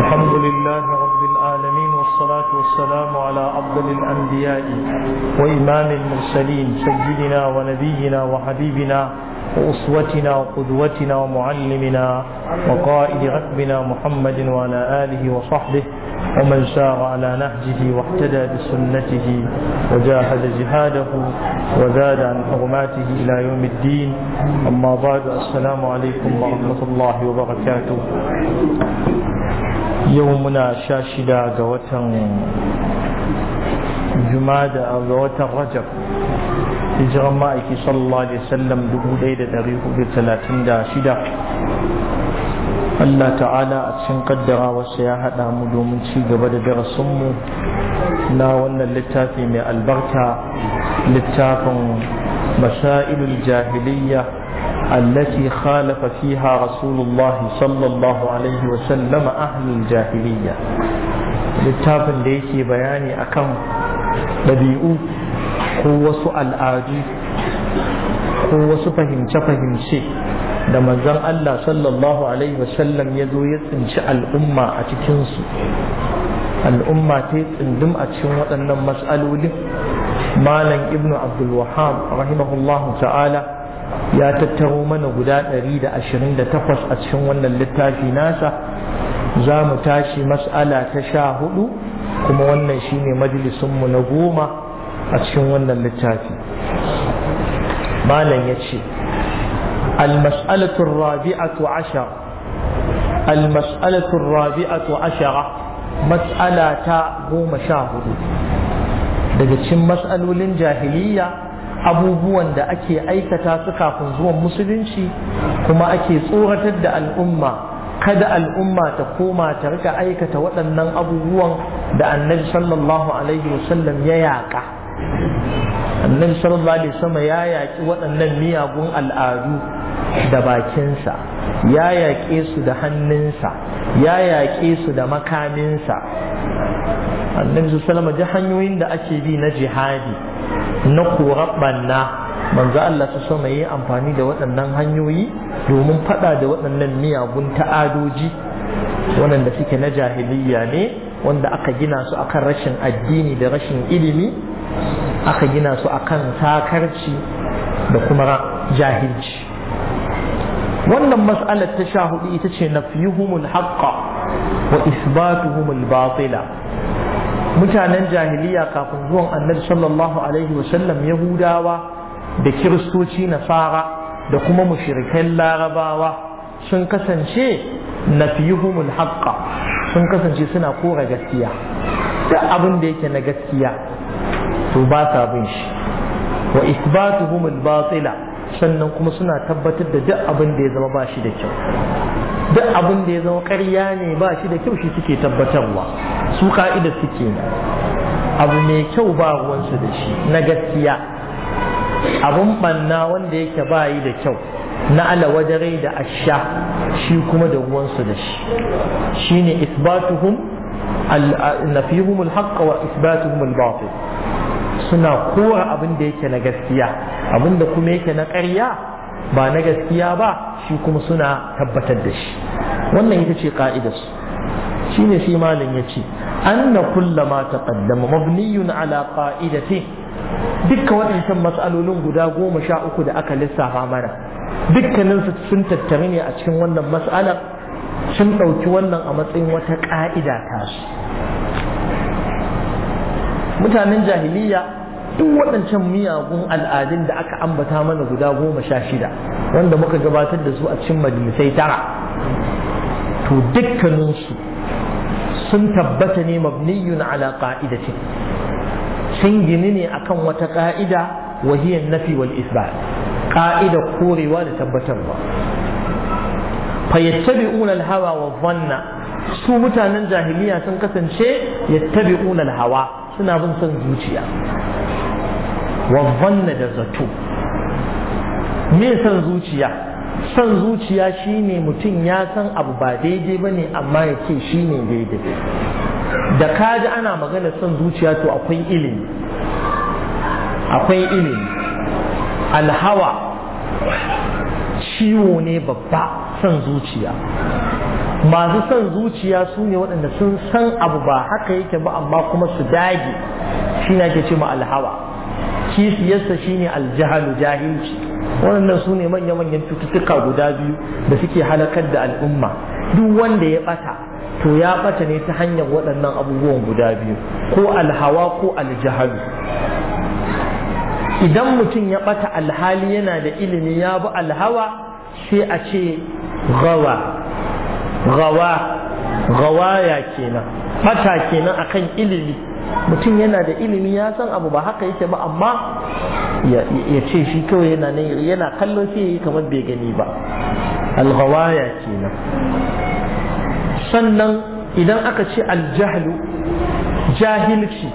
الحمد لله رب العالمين والصلاة والسلام على أفضل الأنبياء وإمام المرسلين سيدنا ونبينا وحبيبنا وأسوتنا وقدوتنا ومعلمنا وقائد ركبنا محمد وعلى آله وصحبه ومن سار على نهجه واهتدى بسنته وجاهد جهاده وزاد عن حرماته إلى يوم الدين أما بعد السلام عليكم ورحمة الله وبركاته yau muna sha shida ga watan juma'a ga watan rajab hijiran ma'aiki sallallahu alaihi wasallam 1436 Allah ta'ala a cikin kaddara wasu ya haɗa mu domin ci gaba da darasinmu na wannan littafi mai albarka littafin masailul jahiliyya التي خالف فيها رسول الله صلى الله عليه وسلم أهل الجاهلية littafin da yake bayani akan ɗabi'u ko wasu al'adu ko wasu fahimce-fahimce da manzon Allah sallallahu alaihi wasallam ya zo ya tsinci al'umma a cikinsu al'umma ta yi tsindum a cikin waɗannan matsalolin malam ibnu abdul wahab rahimahullahu ta'ala ya tattaro mana guda 128 a cikin wannan littafi nasa za mu tashi mas'ala ta sha hudu kuma wannan shine majalisunmu na goma a cikin wannan littafi malam ya ce almas'alatu rabi'atu ashar almas'alatu rabi'atu ashara mas'ala ta goma sha hudu daga cikin mas'alolin jahiliya abubuwan da ake aikata su kafin zuwan musulunci kuma ake tsoratar da al'umma kada al'umma ta koma ta rika aikata waɗannan abubuwan da annabi sallallahu alaihi wasallam ya yaƙa annabi sallallahu alaihi wasallam ya yaƙi waɗannan miyagun al'adu da bakinsa ya yaƙe su da hannunsa ya yaƙe su da makaminsa annabi sallallahu alaihi wasallam hanyoyin da ake bi na jihadi na korar manzo Allah su so yi amfani da waɗannan hanyoyi domin faɗa da waɗannan miyagun ta'adoji waɗanda suke na jahiliya ne wanda aka gina su akan rashin addini da rashin ilimi aka gina su akan sakarci da kuma jahilci wannan mas'alar ta sha hudu ita ce humul haqqa wa isbatuhumul batila mutanen jahiliya kafin zuwan annabi sallallahu alaihi wasallam yahudawa da kiristoci na fara da kuma mushirikan larabawa sun kasance na fiyuhumul haqqa sun kasance suna kora gaskiya da abin da yake na gaskiya to ba sa bin shi wa isbatuhumul batila sannan kuma suna tabbatar da duk abin da ya zama ba shi da kyau duk abin da ya zama ƙarya ne ba shi da kyau shi suke tabbatarwa su ka'ida suke abu mai kyau ba ruwansu da shi na gaskiya abin banna wanda yake ba yi da kyau na alawadarai da asha shi kuma da ruwansu da shi ne isbatuhum nafihum alhaq wa isbatuhum albatil suna kora abin da yake na gaskiya abin da kuma yake na ƙarya ba na gaskiya ba shi kuma suna tabbatar da shi wannan ita ce ka'idarsu shi ne shi malin ya ce an na kulla ma taqaddama mabniyun ala qa'idati dukkan waɗancan matsalolin guda goma sha uku da aka lissafa mana dukkaninsu sun tattare ne a cikin wannan matsalar sun ɗauki wannan a matsayin wata ƙa'ida ta su mutanen jahiliya duk waɗancan miyagun al'adun da aka ambata mana guda goma sha shida wanda muka gabatar da su a cikin majalisai tara to dukkaninsu sun tabbata ne mabniyun ala qa'idatin sun gini ne akan wata ƙa'ida wahiyan hiya nafi wal isbat ƙa'ida korewa da tabbatarwa fayattabi'una al-hawa wa dhanna su mutanen jahiliya sun kasance yattabi'una al-hawa suna bin son zuciya wazzanna da zato me san zuciya san zuciya shine mutum ya san abu ba daidai ba ne amma ya ce shi ne daidai da kaji ana magana san zuciya to akwai ilimi akwai ilimi alhawa ciwo ne babba san zuciya masu son zuciya su ne waɗanda sun san abu ba haka yake ba amma kuma su dage shi na ke ce ma alhawa kisiyarsa shine aljahalu jahilci wannan su ne manya-manyan cututtuka guda biyu da suke halakar da al'umma duk wanda ya ɓata to ya ɓata ne ta hanyar waɗannan abubuwan guda biyu ko alhawa ko aljahalu idan mutum ya ɓata alhali yana da ilimi ya bi alhawa sai a ce gawa gawa gawaya kenan bata kenan akan ilimi mutum yana da ilimi ya san abu ba haka yake ba amma ya ce shi kawai yana yana kallon sai yi kamar bai gani ba alghawaya kenan sannan idan aka ce aljahlu jahilci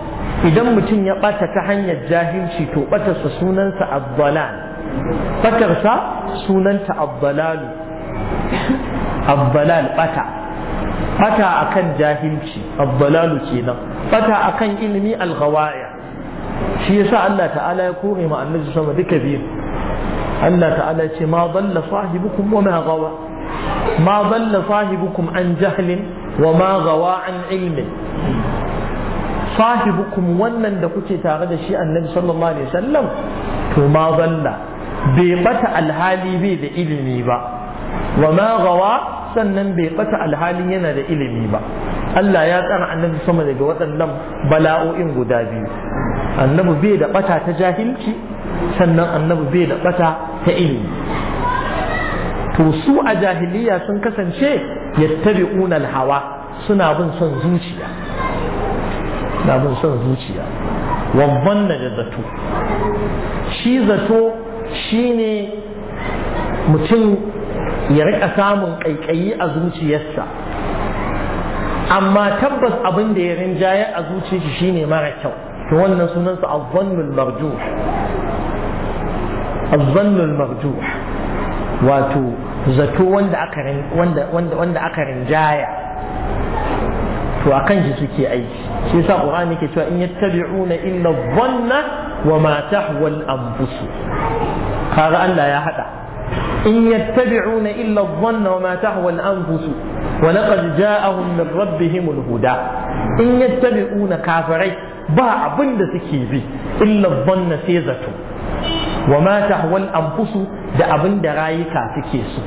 idan mutum ya ɓata ta hanyar jahilci to ɓatarsa sunansa abdalal ɓatarsa sunanta abdalalu abdalal ɓata bata akan jahilci abbalalu kenan bata akan ilimi alghawaya shi yasa Allah ta'ala ya kore ma annabi sama duka biyu Allah ta'ala ya ce ma dalla sahibukum wa ma gawa ma dalla sahibukum an jahlin wa ma gawa an ilmin sahibukum wannan da kuke tare da shi annabi sallallahu alaihi wasallam to ma dalla bai bata alhali bai da ilimi ba wa ma gawa sannan bai bata alhalin yana da ilimi ba Allah ya tsara annabi sama daga waɗannan bala'o'in guda biyu annabi bai da bata ta jahilci sannan annabi bai da bata ta ilimi to su a jahiliya sun kasance yattabi'una hawa suna bin son zuciya suna bin son zuciya da zato shi zato shine mutum ya rika samun kaikayi a zuciyarsa amma tabbas abin da ya rinjaye a zuciyarsa shine mara kyau to wannan sunansa azzannul marjuh azzannul marjuh wato zato wanda aka wanda wanda wanda aka rinjaya to akan shi suke aiki shi yasa qur'ani yake cewa in yattabi'una illa dhanna wa ma tahwa al-anfus kaga Allah ya hada إن يتبعون إلا الظن وما تهوى الأنفس ولقد جاءهم من ربهم الهدى إن يتبعون كافرين با أبن سكيبي إلا الظن سيزة وما تهوى الأنفس دا أبن رايكا سكيسو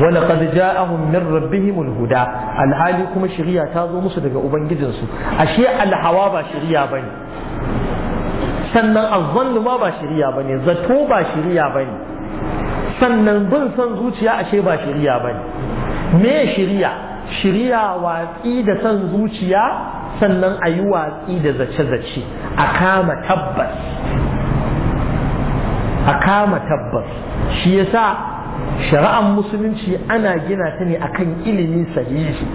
ولقد جاءهم من ربهم الهدى الحالي كما شريعة تازو مصدق أبن جدنسو أشياء الحوا با شريعة بني sannan azzannu ma ba shiriya bane zato ba shiriya bane sannan bin son zuciya ashe ba shiriya ba ne me shiriya shiriya watsi da son zuciya sannan a yi watsi da zace-zace a kama tabbas a kama tabbas shi yasa shari'ar musulunci ana gina ta ne akan ilimi sahihi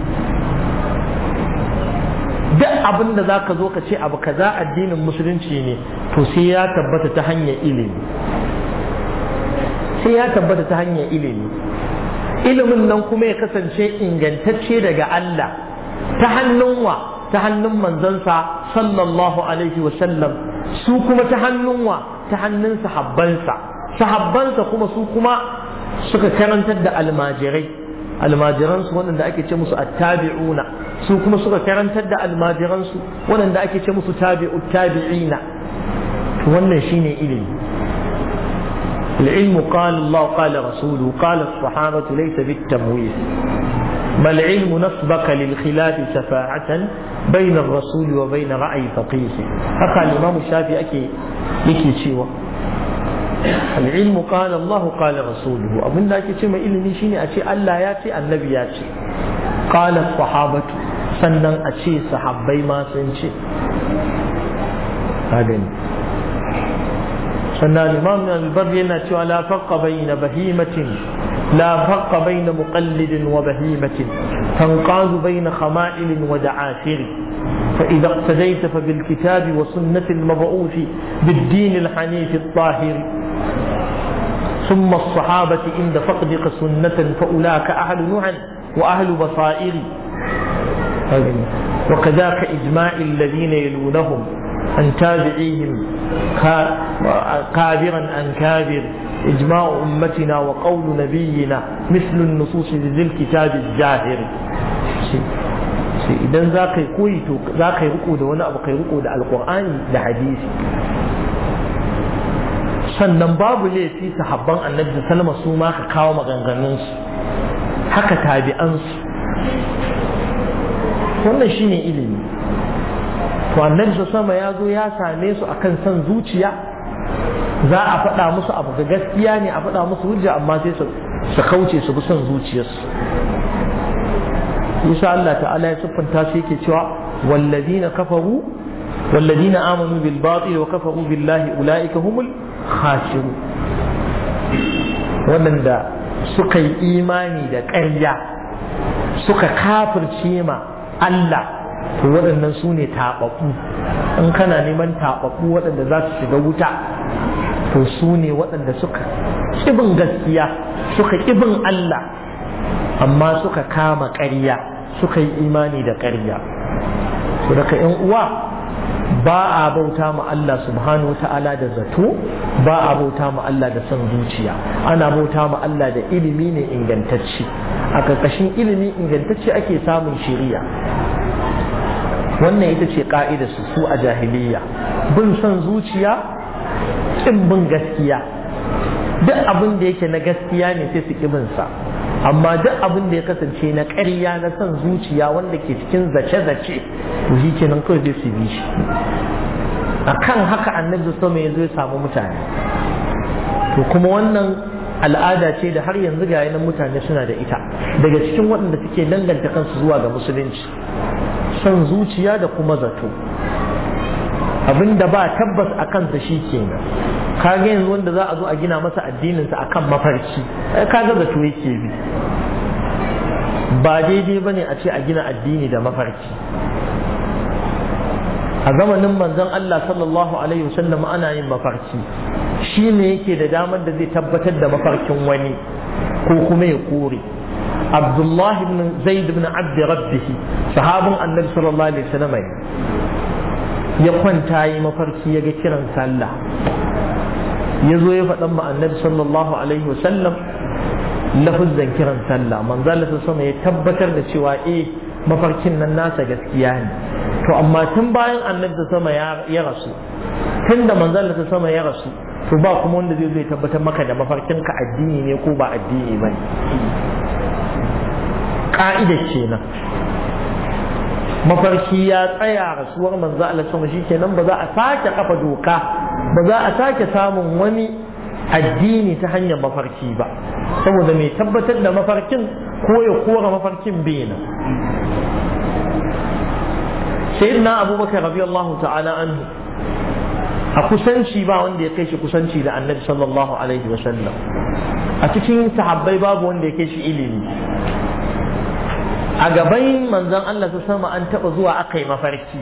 duk abin da za ka zo ka ce abu kaza addinin musulunci ne to sai ya tabbata ta hanyar ilimi sai ya tabbata ta hanyar ilimi ilimin nan kuma ya kasance ingantacce daga Allah ta hannun wa ta hannun manzansa sallallahu alaihi wa sallam su kuma ta hannun wa ta hannun sahabbansa sahabbansa kuma su kuma suka karantar da almajirai almajiransu wanda ake ce musu attabi'una su kuma suka karantar da almajiransu wanda ake ce musu tabi'u tabi'ina wannan shine ilimi العلم قال الله قال رسوله قال الصحابة ليس بالتمويه ما العلم نصبك للخلاف سفاعة بين الرسول وبين رأي فقيه هكا الإمام الشافعي أكي يكي شيوا العلم قال الله قال رسوله أبن لا كي ما إلمي شيني أشي ألا ياتي النبي ياتي قال الصحابة سنن أشي صحابي ما سنشي هذا sannan الإمام al-bar yana cewa la farqa bayna bahimatin la farqa bayna muqallidin wa bahimatin tanqazu bayna khama'ilin wa فإذا اقتديت فبالكتاب وسنة المبعوث بالدين الحنيف الطاهر ثم الصحابة عند فقدك سنة فأولاك أهل نوح وأهل بصائر وكذاك إجماع الذين يلونهم عن تابعيهم كابرا عن كابر إجماع أمتنا وقول نبينا مثل النصوص ذي الكتاب الزاهر إذن ذاكي كويتو ذاكي ركود وانا أبقي ركود على القرآن لحديث sannan babu laifi sahabban annabi da salama su ma ka kawo maganganunsu haka tabi'ansu wannan shine ilimi to annabi sama ya zo ya same su akan san zuciya za a faɗa musu abu ga gaskiya ne a faɗa musu hujja amma sai su kauce su bi son zuciyarsu insha Allah ta'ala ya siffanta su yake cewa wallazina kafaru wallazina amanu bil batil wa kafaru billahi ulaika humul khasirun waɗanda suka yi imani da ƙarya suka kafirce ma Allah to waɗannan su ne taɓaɓɓu in kana neman taɓaɓɓu waɗanda za su shiga wuta to su ne waɗanda suka ƙibin gaskiya suka ƙibin Allah amma suka kama ƙarya suka yi imani da ƙarya su daga ‘yan uwa ba a bauta ma Allah subhanahu ta'ala da zato ba a bauta ma Allah da son zuciya ana bauta ma Allah da ilimi ne ingantacce a ƙarƙashin ilimi ingantacce ake samun shiriya wannan ita ce ka'ida su su a jahiliya bin son zuciya kin bin gaskiya duk abin da yake na gaskiya ne sai su sa, amma duk abin da ya kasance na ƙarya na son zuciya wanda ke cikin zace-zace shi kenan kawai zai su bi shi a kan haka annabi sama ya zo ya samu mutane to kuma wannan al'ada ce da har yanzu ga yanan mutane suna da ita daga cikin waɗanda suke danganta kansu zuwa ga musulunci son zuciya da kuma zato abinda ba tabbas a kansa shi kenan kaga yanzu wanda za a zo a gina masa addininsa a kan mafarki kaga zato yake bi ba daidai ba ne a ce a gina addini da mafarki a zamanin manzon Allah sallallahu alaihi wasallam ana yin mafarki shi ne yake da damar da zai tabbatar da mafarkin wani ko kuma ya kore abdullahi ibn zaid ibn abd rabbih sahabin annabi sallallahu alaihi wasallam ya kwanta yi mafarki ya ga kiran sallah ya zo ya faɗan ma annabi sallallahu alaihi wasallam lafuzan kiran sallah manzo Allah sama ya tabbatar da cewa eh mafarkin nan nasa gaskiya ne to amma tun bayan annabi sama ya rasu tun da manzo Allah sama ya rasu to ba kuma wanda zai zo ya tabbatar maka da mafarkin ka addini ne ko ba addini ne? ka'ida kenan mafarki ya tsaya rasuwar manzo Allah sama shikenan ba za a sake kafa doka ba za a sake samun wani addini ta hanyar mafarki ba saboda mai tabbatar da mafarkin ko ya kora mafarkin bena sayyidina abubakar radiyallahu ta'ala anhu a kusanci ba wanda ya kai shi kusanci da annabi sallallahu alaihi sallam a cikin sahabbai babu wanda ya kai shi ilimi a gaban manzon Allah su sama an taɓa zuwa aka yi mafarki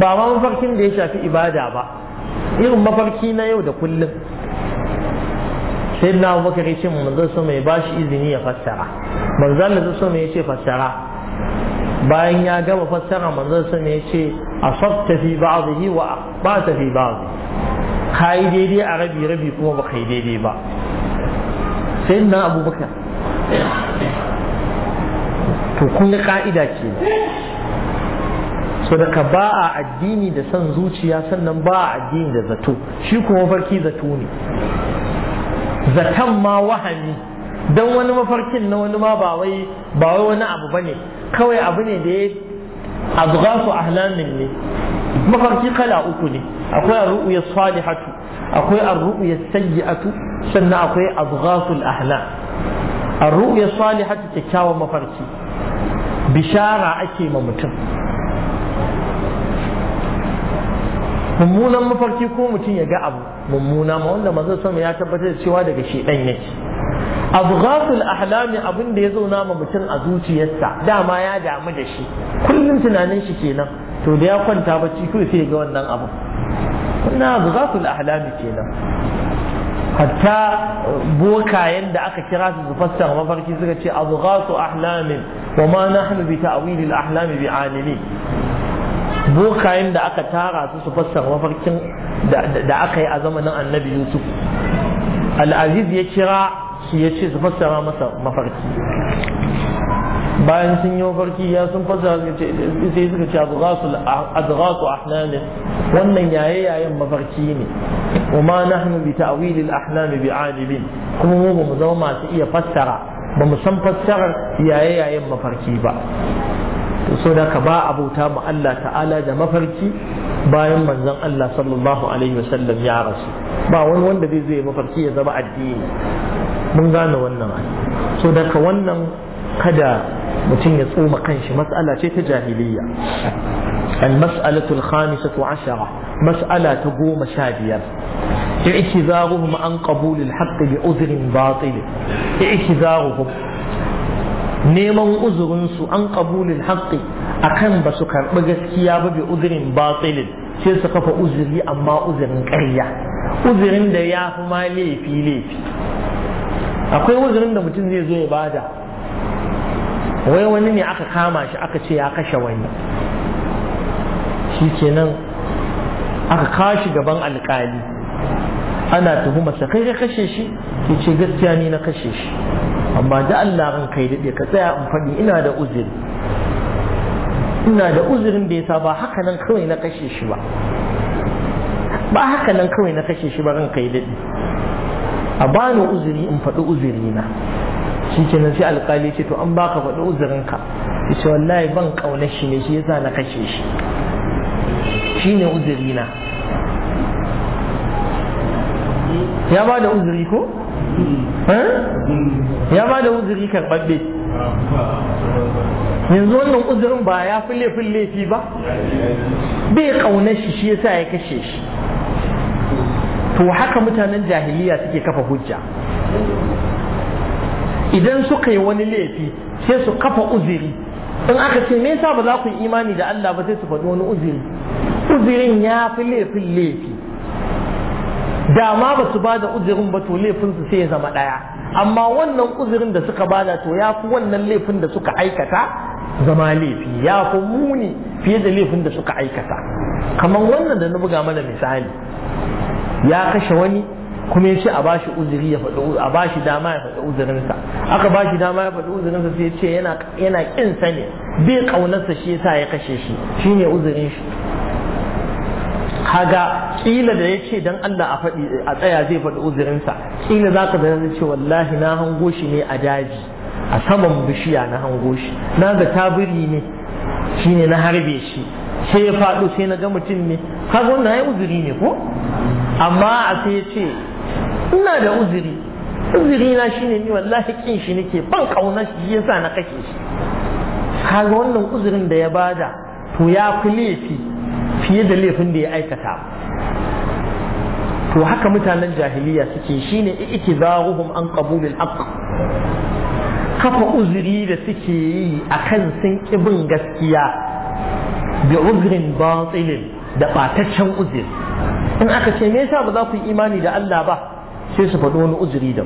ba ma mafarkin da ya shafi ibada ba irin mafarki na yau da kullum sai na abubakar ya ce manzon sama ya ba shi izini ya fassara manzon Allah su sama ya ce fassara bayan ya gama fassara manzon sama ya ce a asabta fi ba'dhihi wa aqbata fi ba'dhi kai daidai a rabi rabi kuma ba kai daidai ba sai na abubakar to kun ga ka'ida ke so daga ba a addini da san zuciya sannan ba a addini da zato shi kuma mafarki zato ne zaton ma wahami don wani mafarkin na wani ma ba wai ba wai wani abu ba ne. kawai abu ne da ya azghasu ahlamin ne mafarki kala uku ne akwai ar-ru'ya salihatu akwai ar-ru'ya sayyi'atu sannan akwai azghasul ahlam ar-ru'ya salihatu kyakkyawan mafarki bishara ake ma mutum mummunan mafarki ko mutum ya ga abu mummuna ma wanda manzon sama ya tabbatar da cewa daga shedan yake abghasul ahlami abin da ya zauna ma mutum a zuciyarsa dama ya damu da shi kullum tunanin shi kenan to da ya kwanta bacci kawai sai ga wannan abu wannan abghasul ahlami kenan hatta bokayen da aka kira su su mafarki suka ce abghatu ahlamin wa ma nahnu bi ta'wil ahlami bi alimi bokayen da aka tara su su fassara mafarkin da aka yi a zamanin annabi yusuf al-aziz ya kira shi ya ce su fassara masa mafarki bayan sun yi mafarki ya sun fasa sai suka ce adghasu ahnami wannan yaye yayen mafarki ne kuma nahnu bi ta'wilil ahnami bi alibin kuma mu ba mu zama masu iya fassara ba mu san fassarar yaye yayen mafarki ba to so da ka ba abota mu Allah ta'ala da mafarki bayan manzon Allah sallallahu alaihi wasallam ya rasu ba wani wanda zai zai mafarki ya zama addini mun gane wannan so da ka wannan kada mutum ya tsoma kanshi mas'ala ce ta jahiliya al-mas'alatu al-khamisatu ashara mas'ala ta goma sha biyar i'tizaruhum an qabul al-haqq bi uzrin batil i'tizaruhum neman uzurin su an qabul al akan ba su karbi gaskiya ba bi uzrin batil sai su kafa uzuri amma uzurin karya uzurin da ya fi ma laifi laifi akwai uzirin da mutum zai zo ya bada wai wani ne aka kama shi aka ce ya kashe wani shi kenan aka kashi gaban alkali ana tuhumarsa kai ka kashe shi ke ce gaskiya ni na kashe shi amma da Allah ran kai dade ka tsaya in faɗi ina da uzuri ina da uzurin da yasa ba haka nan kawai na kashe shi ba ba haka nan kawai na kashe shi ba ran kai dade a bani uzuri in faɗi uzuri na shi kenan sai alƙali ce to an baka faɗi uzurinka ya ce wallahi ban ƙaunar shi ne shi yasa na kashe shi shi ne uzurina ya ba da uzuri ko? ya ba da uzuri karɓaɓɓe yanzu wannan uzurin ba ya fille laifin laifi ba bai ƙaunar shi shi yasa ya kashe shi to haka mutanen jahiliya suke kafa hujja idan suka yi wani laifi sai su kafa uziri in aka ce me yasa ba za ku yi imani da Allah ba sai su faɗi wani uziri uzirin ya fi laifin laifi da ma ba su ba da uzirin ba to laifin su sai ya zama ɗaya amma wannan uzirin da suka bada to ya fi wannan laifin da suka aikata zama laifi ya fi muni fiye da laifin da suka aikata kamar wannan da na buga mana misali ya kashe wani kuma ya ce a bashi uzuri ya faɗi a bashi dama ya faɗi uzurinsa aka bashi dama ya faɗi uzurinsa sai ya ce yana yana kin sa ne bai kaunarsa shi yasa ya kashe shi shine uzurin shi kaga kila da yace dan Allah a faɗi a tsaya zai faɗi uzurinsa kila zaka da zai ce wallahi na hango shi ne a daji a saman bishiya na hango shi na ga tabiri ne shine na harbe shi sai ya faɗo sai na ga mutum ne kaga wannan ai uzuri ne ko amma a sai ya ce ina da uzuri uzuri na shine ni wallahi kin shi nake ban kauna shi yasa na kake shi kaga wannan uzurin da ya bada to ya fi laifi fiye da laifin da ya aikata to haka mutanen jahiliya suke shine ikizaruhum an qabulil haqq kafa uzuri da suke yi akan sun kibin gaskiya bi uzrin batilin da ɓataccen uzuri in aka ce me yasa ba za ku yi imani da Allah ba sai su faɗo wani uzuri da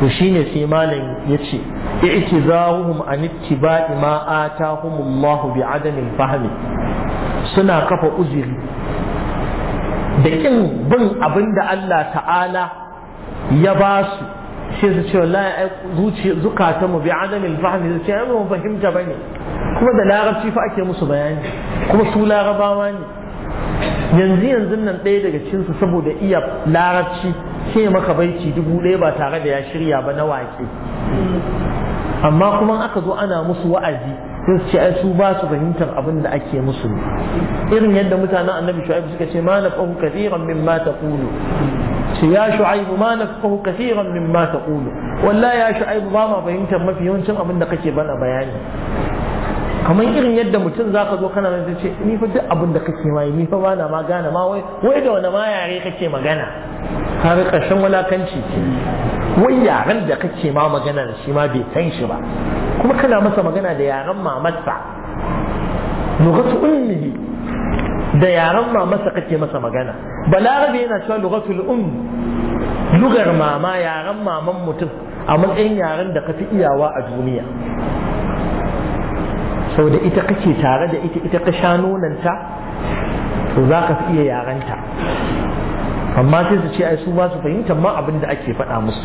to shine sai malam ya ce i'tizaruhum an ittiba'i ma atahumullahu bi adamin fahmi suna kafa uzuri da kin bin abin da Allah ta'ala ya ba su sai su ce wallahi ai zuci zukata mu bi adamin fahmi sai ai fahimta bane kuma da larabci fa ake musu bayani kuma su larabawa ne yanzu yanzu nan ɗaya daga cinsu saboda iya larabci sai maka baici dubu ɗaya ba tare da ya shirya ba na wake amma kuma aka zo ana musu wa'azi sun ce ai su ba su fahimtar abin da ake musu irin yadda mutanen annabi shu'aibu suka ce ma nafahu kathiran mimma taqulu ce ya shu'aibu ma nafahu kathiran mimma taqulu wallahi ya shu'aibu ba ma fahimtar mafi yawancin abin da kake bana bayani kamar irin yadda mutum za ka zo kana nan ce ni fa duk abin da kake mai ni fa bana ma gane ma wai wai da wani ma yare kake magana har ƙarshen wulakanci ce wai yaren da kake ma magana da shi ma bai san shi ba kuma kana masa magana da yaren mamarsa lugatu ummi da yaren mamarsa kake masa magana balarabe yana cewa lugatu ummi lugar mama yaren maman mutum a matsayin yaren da ka fi iyawa a duniya sau da ita kake tare da ita ita ka sha nonanta to za ka iya yaranta amma sai su ce ai su ba su fahimta ma abin da ake faɗa musu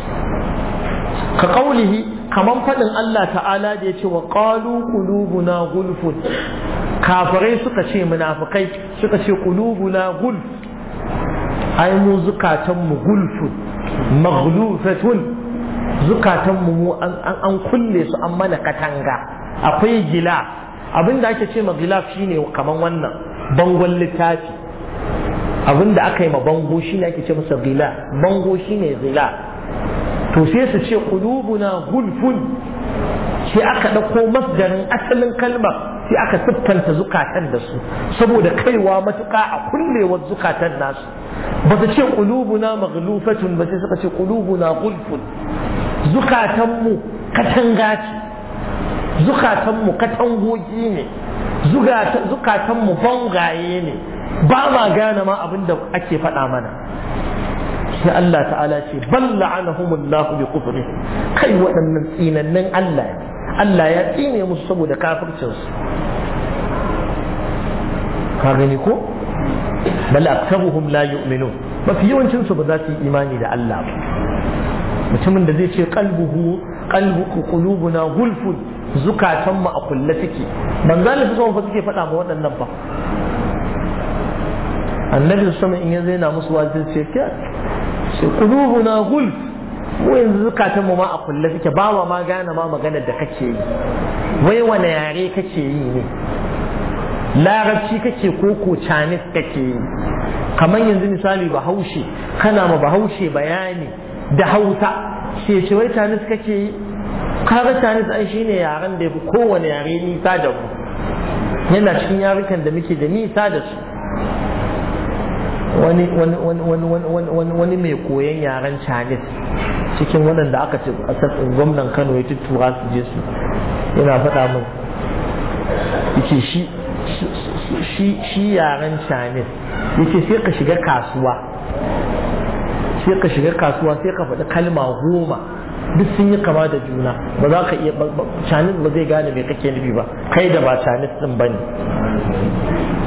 ka ƙaulihi kaman faɗin Allah ta'ala da ya ce wa ƙalu qulubuna gulfun kafirai suka ce munafukai, suka ce qulubuna gulf ai mu zukatan mu gulfun maghlufatun zukatan mu an kulle su an mana katanga akwai gila abin da ake ce ma gilaf shine kaman wannan bangon littafi abin da aka yi ma bango shine ake ce masa gilaf bango shine gilaf to sai su ce qulubuna gulfun sai aka ɗauko masdarin asalin kalmar sai aka siffanta zukatan da su saboda kaiwa matuka a kullewar zukatan nasu ba su ce ƙulubuna maghlufatun ba sai suka ce ƙulubuna gulfun zukatanmu katanga ce zukatanmu katangogi ne zukatanmu bangaye ne ba ma gane ma abin da ake faɗa mana sai Allah ta'ala ce bal la'anahumullahu bi kufri kai waɗannan tsinannin Allah ne Allah ya tsine musu saboda kafircinsu ka gani ko bal aktsaruhum la yu'minun mafi yawancin su ba za su yi imani da Allah ba mutumin da zai ce qalbuhu qalbu qulubuna gulfun zukatanmu a kulle suke manzan da suka suke faɗa ma waɗannan ba annabi sama in yanzu yana musu wajen ce ce kulubuna gul. mu yanzu zukatanmu ma a kulle suke ba wa ma gane ma magana da kake yi wai wane yare kake yi ne larabci kake ko ko canis kake yi kamar yanzu misali bahaushe kana ma bahaushe bayani da hausa ce ce wai canis kake yi kaga tani sai shine yaren da kowane yare nisa da ku yana cikin yarukan da muke da nisa da su wani wani wani wani wani wani mai koyon yaren chinese cikin waɗanda aka ce gwamnan kano ya tuttura su je su yana faɗa min yake shi shi shi yaren chinese yake sai ka shiga kasuwa sai ka shiga kasuwa sai ka faɗi kalma goma duk sun yi kama da juna ba za ka iya canis ba zai gane mai kake nufi ba kai da ba canis din ba ne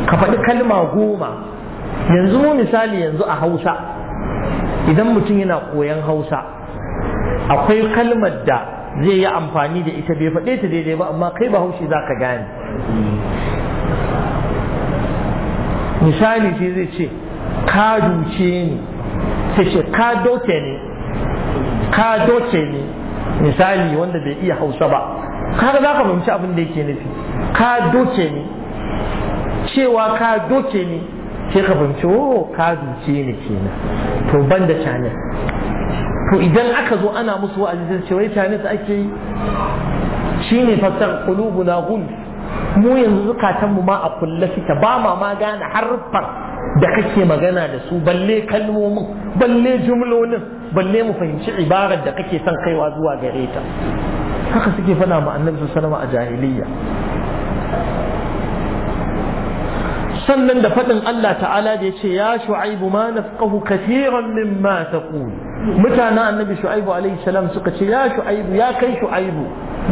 ka faɗi kalma goma yanzu mu misali yanzu a hausa idan mutum yana koyan hausa akwai kalmar da zai yi amfani da ita bai faɗe ta daidai ba amma kai ba haushi za ka gane misali sai zai ce ka ni sai ce ka dauke ni ka ne misali wanda bai iya hausa ba kaga za ka fahimci abin da yake nufi ka ne cewa ka ne sai ka fahimci o oh, ka ne kenan to ban da canis to idan aka zo ana musu wa'azi azizin cewa canis ake yi Shi ne fasar na gulf mu yanzu zukatanmu ma a kulle suke ba ma ma gane harfar da kake magana da su balle kalmomin balle jumlonin balle mu fahimci ibarar da kake son kaiwa zuwa gare ta haka suke fana ma annabi sallallahu a jahiliya sannan da fadin Allah ta'ala da yace ya shu'aibu ma nafqahu katiran mimma taqul mutana annabi shu'aibu alaihi salam suka ce ya shu'aibu ya kai shu'aibu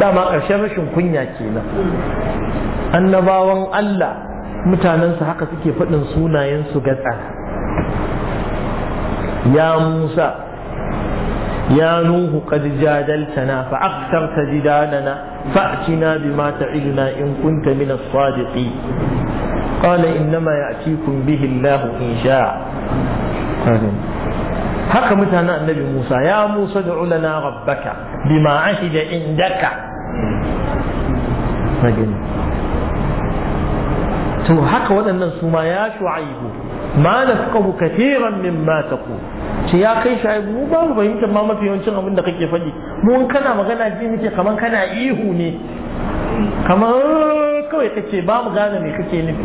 dama karshen rashin kunya kenan annabawan Allah mutanensu haka suke faɗin sunayensu gatsa ya musa يا نوح قد جادلتنا فأكثرت جدالنا فأتنا بما تعدنا إن كنت من الصادقين قال إنما يأتيكم به الله إن شاء هكا مثلا النبي موسى يا موسى ادع لنا ربك بما عهد عندك تو هكا ولنا يا شعيب ما نفقه كثيرا مما تقول ce ya kai shi mu ba mu fahimtar ma mafi yawancin abin da kake faɗi mu in kana magana ji muke kaman kana ihu ne kamar kawai kace ba mu gane me kake nufi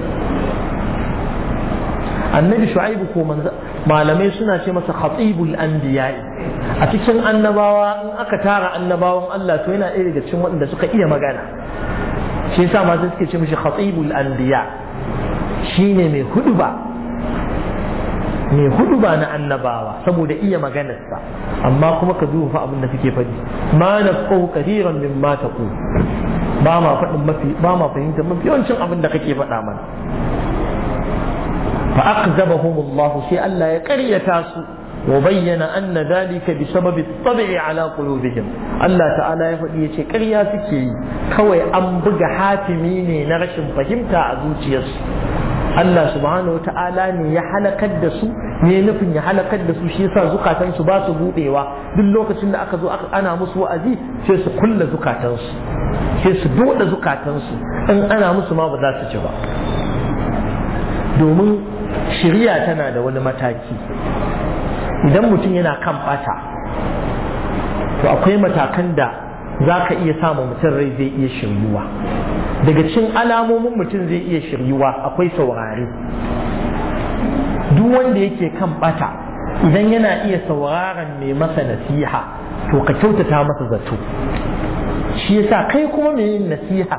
annabi shu'aibu ko manza malamai suna ce masa khatibul anbiya a cikin annabawa in aka tara annabawan Allah to yana ɗaya daga cikin waɗanda suka iya magana shi yasa ma suke ce mishi khatibul anbiya shine mai hudu ba Me hudu ba na annabawa saboda iya maganarsa amma kuma ka duba abin da suke faɗi ma na fahu kadiran min ma ta ku ba ma faɗin mafi ba ma fahimtar mafi yawancin abin da kake faɗa mana fa aqzabahum Allah sai Allah ya ƙaryata su wa bayyana anna dhalika bi sababi tabi'i ala qulubihim Allah ta'ala ya faɗi yace ƙarya suke yi kawai an buga hatimi ne na rashin fahimta a zuciyarsu Allah subhanahu ta'ala ne ya halakar da su ne nufin ya halakar da su shi yasa zukatan su ba su budewa duk lokacin da aka zo ana musu wa'azi sai su kulla zukatan su sai su bude zukatan su in ana musu ma ba za su ci ba domin shari'a tana da wani mataki idan mutum yana kan bata to akwai matakan da za ka iya samun mutum rai zai iya shiryuwa daga cikin alamomin mutum zai iya shiryuwa akwai saurare duk wanda yake kan bata idan yana iya sauraron mai masa nasiha to ka kyautata masa zato shi yasa kai kuma mai yin nasiha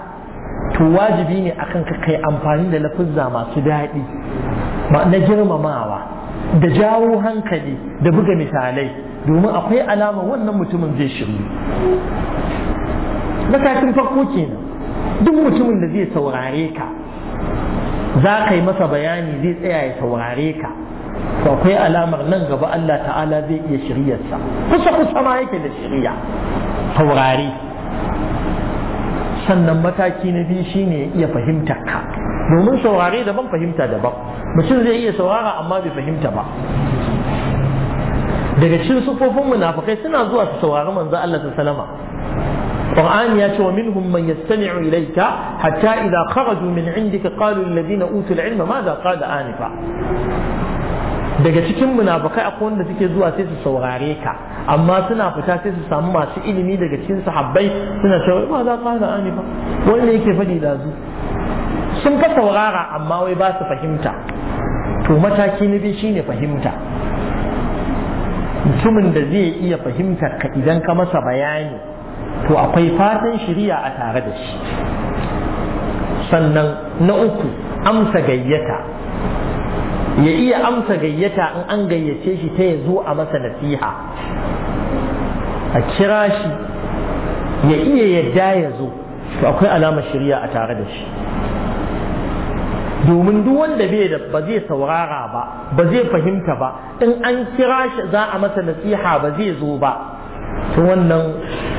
to wajibi ne akan ka kai amfani da lafuzza masu daɗi na girmamawa da jawo hankali da buga misalai domin akwai alama wannan mutumin zai shiryu matakin farko kenan duk mutumin da zai saurare ka za ka yi masa bayani zai tsaya ya saurare ka to akwai alamar nan gaba Allah ta'ala zai iya shiryarsa kusa kusa ma yake da shirya saurare sannan mataki na biyu shine ya iya fahimtar ka domin saurare daban fahimta daban mutum zai iya saurara amma bai fahimta ba daga cikin sufofin munafikai suna zuwa su saurari manzo Allah sallama Qur'ani ya ce wa minhum man yastami'u ilayka hatta idza kharaju min indika qalu alladhina utul ilma madha qala anifa daga cikin munafikai akwai wanda suke zuwa sai su saurare ka amma suna fita sai su samu masu ilimi daga cikin sahabbai suna cewa ma za ka da ani ba wanda yake faɗi da su? sun fa saurara amma wai ba su fahimta to mataki na biyu shine fahimta mutumin da zai iya fahimtar ka idan ka masa bayani to akwai fatan shiriya a tare da shi sannan na uku amsa gayyata ya iya amsa gayyata in an gayyace shi ta ya zo a masa nasiha a kira shi ya iya yadda ya zo to akwai alamar shirya a tare da shi domin duk wanda bai da ba zai saurara ba ba zai fahimta ba in an kira shi za a masa nasiha ba zai zo ba to wannan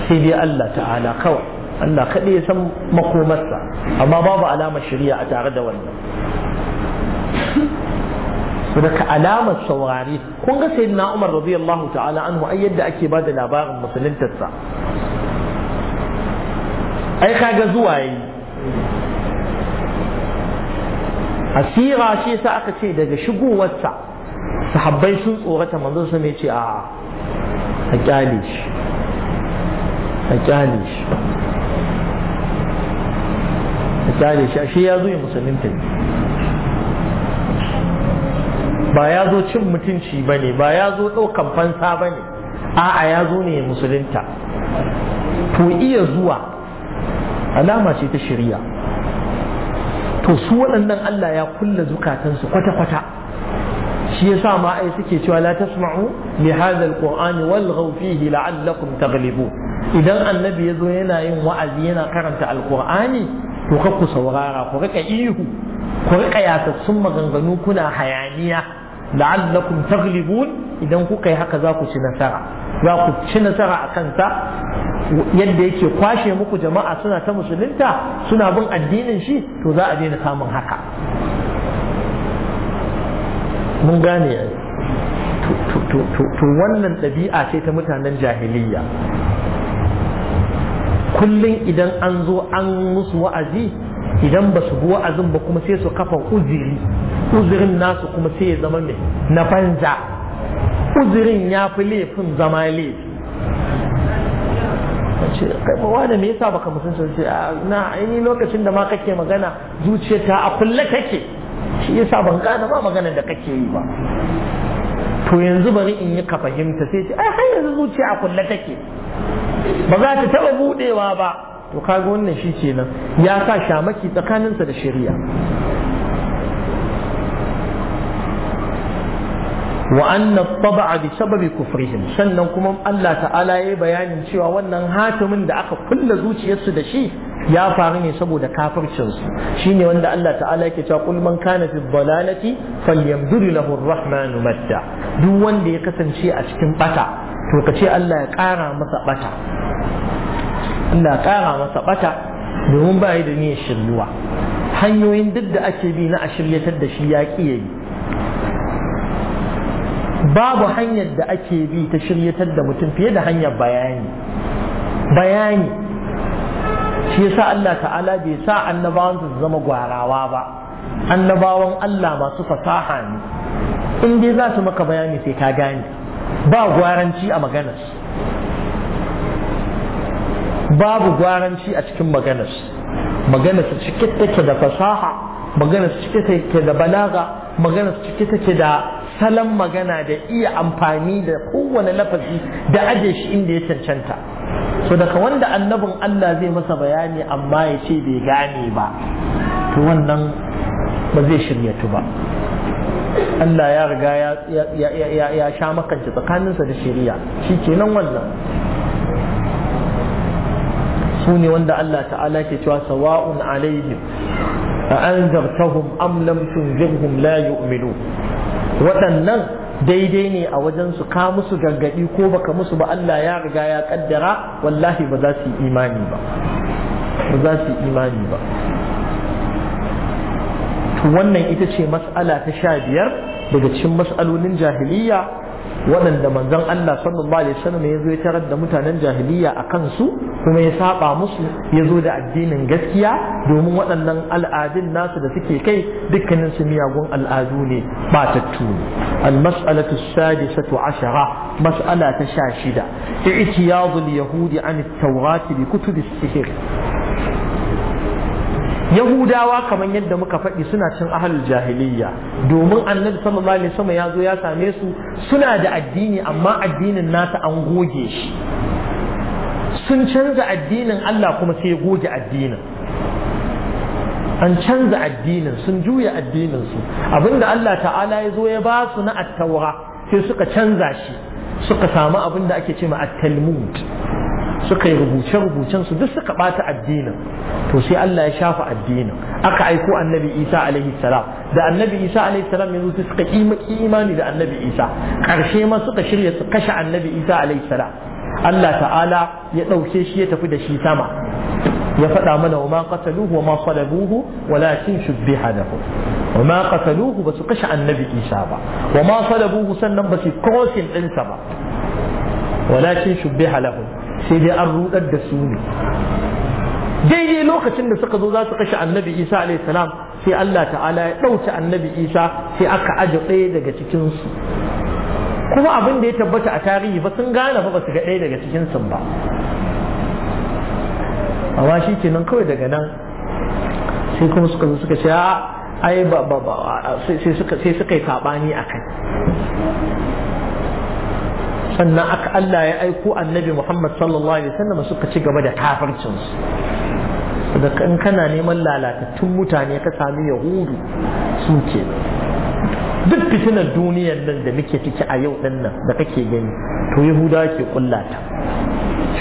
sai dai Allah ta'ala kawai Allah kaɗai ya san makomarsa amma babu alamar shari'a a tare da wannan daga alamar saurari kun ga sayyidina na Umar radiyallahu ta'ala anhu ai yadda ake ba da labarin musuluntarsa ai kaga zuwa yi asira shi yasa aka ce daga shigowarsa sahabbai sun tsorata manzo sun ce a a kyale shi a kyale shi a kyale shi shi ya zo ya musulunta ba ya zo cin mutunci ba ne ba ya zo ɗaukan fansa ba ne a'a ya zo ne ya musulunta to iya zuwa alama ce ta shirya to su waɗannan Allah ya kulla zukatansu kwata-kwata shi yasa ma ai suke cewa la tasma'u li hadha alquran walghaw fihi la'allakum taghlibu idan annabi yazo yana yin wa'azi yana karanta alqur'ani to ka ku saurara ku rika ihu ku rika yasassun maganganu kuna hayaniya la'allakum taghlibun idan kuka yi haka za ku ci nasara za ku ci nasara a kansa yadda yake kwashe muku jama'a suna ta musulunta suna bin addinin shi to za a daina samun haka mun gane to wannan ɗabi'a ce ta mutanen jahiliya kullum idan an zo an musu wa'azi idan ba su bi wa'azin ba kuma sai su kafa uziri uzirin nasu kuma sai ya zama mai na banza uzirin ya fi laifin zama laifi ce kai ba wani me yasa baka sun ce ah, na aini lokacin da ma kake magana ta a kulle kake shi yasa ban gane ba magana da kake yi ba to yanzu bari in yi ka fahimta sai ce ai har yanzu zuciya a kulle take ba za ta taba budewa ba to kaga wannan shi kenan ya sa shamaki tsakaninsa da shari'a wa anna taba'a bi sababi kufrihim sannan kuma Allah ta'ala ya yi bayanin cewa wannan hatimin da aka kulla zuciyarsu da shi ya faru ne saboda kafircin su shine wanda Allah ta'ala yake cewa kul man kana fi dhalalati falyamdur lahu arrahmanu madda duk wanda ya kasance a cikin bata to kace Allah ya kara masa bata Allah ya kara masa bata domin ba da niyan shiryuwa hanyoyin duk da ake bi na a shiryatar da shi ya ƙi yi. babu hanyar da ake bi ta shiryatar da mutum fiye da hanyar bayani bayani shi yasa Allah ta'ala bai sa annabawan su zama gwarawa ba annabawan Allah masu fasaha ne in dai za su maka bayani sai ka gane ba gwaranci a maganarsu babu gwaranci a cikin maganarsu su cike take da fasaha su cike take da balaga su cike take da salon magana da iya amfani da kowane lafazi da aje shi inda ya cancanta so daga wanda annabin Allah zai masa bayani amma ya ce bai gane ba to wannan ba zai shirya ba Allah ya riga ya sha makanci tsakaninsa da shari'a shi kenan wannan su ne wanda Allah ta'ala ke cewa sawa'un alaihim a an zartahum am lam tunzirhum la waɗannan daidai ne a wajen su ka musu gargaɗi ko baka musu ba Allah ya riga ya kaddara wallahi ba za su yi imani ba ba za su yi imani ba wannan ita ce mas'ala ta sha biyar daga cikin mas'alolin jahiliya waɗanda manzon Allah sallallahu alaihi wasallam ya zo ya tarar da mutanen jahiliya a kansu kuma ya saba musu ya zo da addinin gaskiya domin waɗannan al'adun nasu da suke kai dukkanin su miyagun al'adu ne ta tuni. al-mas'alatu sadisatu ashara mas'ala ta sha shida i'tiyadul yahudi an at-tawrat bi kutubi sihr yahudawa kamar yadda muka faɗi suna cin ahal jahiliya domin annabi sallallahu alaihi wasallam ya zo ya same su suna da addini amma addinin nasa an goge shi sun canza addinin Allah kuma sai goge addinin an canza addinin sun juya addinin su abinda Allah ta'ala ya zo ya ba su na attaura sai suka canza shi suka samu abinda ake ce ma at-talmud suka yi rubuce-rubucen su duk suka ɓata addinin to sai Allah ya shafa addinin aka aiko annabi Isa alaihi salam da annabi Isa alaihi salam yanzu sai suka imaki imani da annabi Isa karshe ma suka shirya su kashe annabi Isa alaihi salam Allah ta'ala ya ɗauke shi ya tafi da shi sama ya faɗa mana wa ma qataluhu wa ma salabuhu walakin shubbiha lahu wa ma qataluhu su kashe annabi Isa ba wa ma salabuhu sannan ba basu crossing ɗinsa ba walakin shubbiha lahu sai dai an rudar da su ne daidai lokacin da suka zo za su kashe annabi isa alayhi salam sai allah ta'ala ya ɗauki annabi isa sai aka aje ɗaya daga cikinsu kuma abin da ya tabbata a tarihi ba sun gane ba su ga ɗaya daga cikinsu ba amma shi kenan kawai daga nan sai kuma suka zo suka ce ai ba ba sai suka yi saɓani a kai sannan aka Allah ya aiko annabi Muhammad sallallahu alaihi wasallam suka ci gaba da kafircin su da kan kana neman lalatattun mutane ka sami yahudu su ke duk fitinar duniyar nan da muke ciki a yau din nan da kake gani to yahuda ke kullata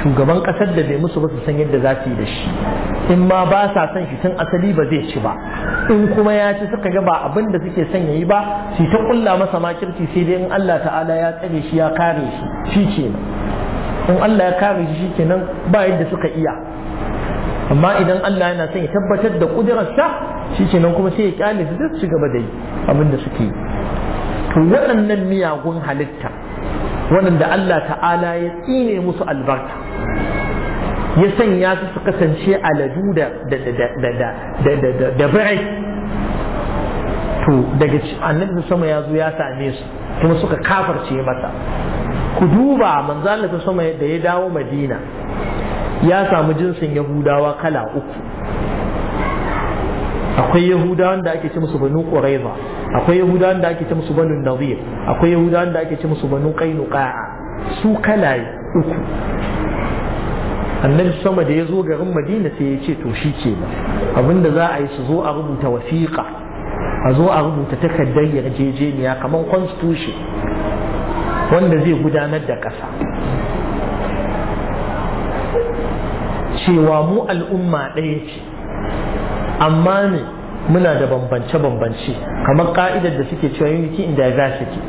shugaban ƙasar da bai musu ba su san yadda za su yi da shi in ma ba sa son shi tun asali ba zai ci ba in kuma ya ci suka ga ba abin da suke son ya yi ba su ta kulla masa makirci sai dai in Allah ta'ala ya tsare shi ya kare shi shi kenan in Allah ya kare shi kenan ba yadda suka iya amma idan Allah yana son ya tabbatar da ƙudurarsa shi kuma sai ya kyale su su gaba da yi abin da suke yi to waɗannan miyagun halitta waɗanda Allah ta'ala ya tsine musu albarka ya sanya su su kasance aladu da da birai to daga annabi sama ya zo ya same su kuma suka kafarce masa ku duba manzala ta sama da ya dawo madina ya samu jinsin yahudawa kala uku akwai yahudawan da ake ce musu banu quraiza akwai yahudawan da ake ce musu banu nazir akwai yahudawan da ake ce musu banu qainuqa su kala uku annabi sama da ya zo garin madina sai ya ce to shi ke abinda za a yi su zo a rubuta wasiƙa a zo a rubuta takardar yarjejeniya kamar constitution wanda zai gudanar da ƙasa cewa mu al'umma ɗaya ce amma ne muna da bambance-bambance kamar ka'idar da suke cewa unity in diversity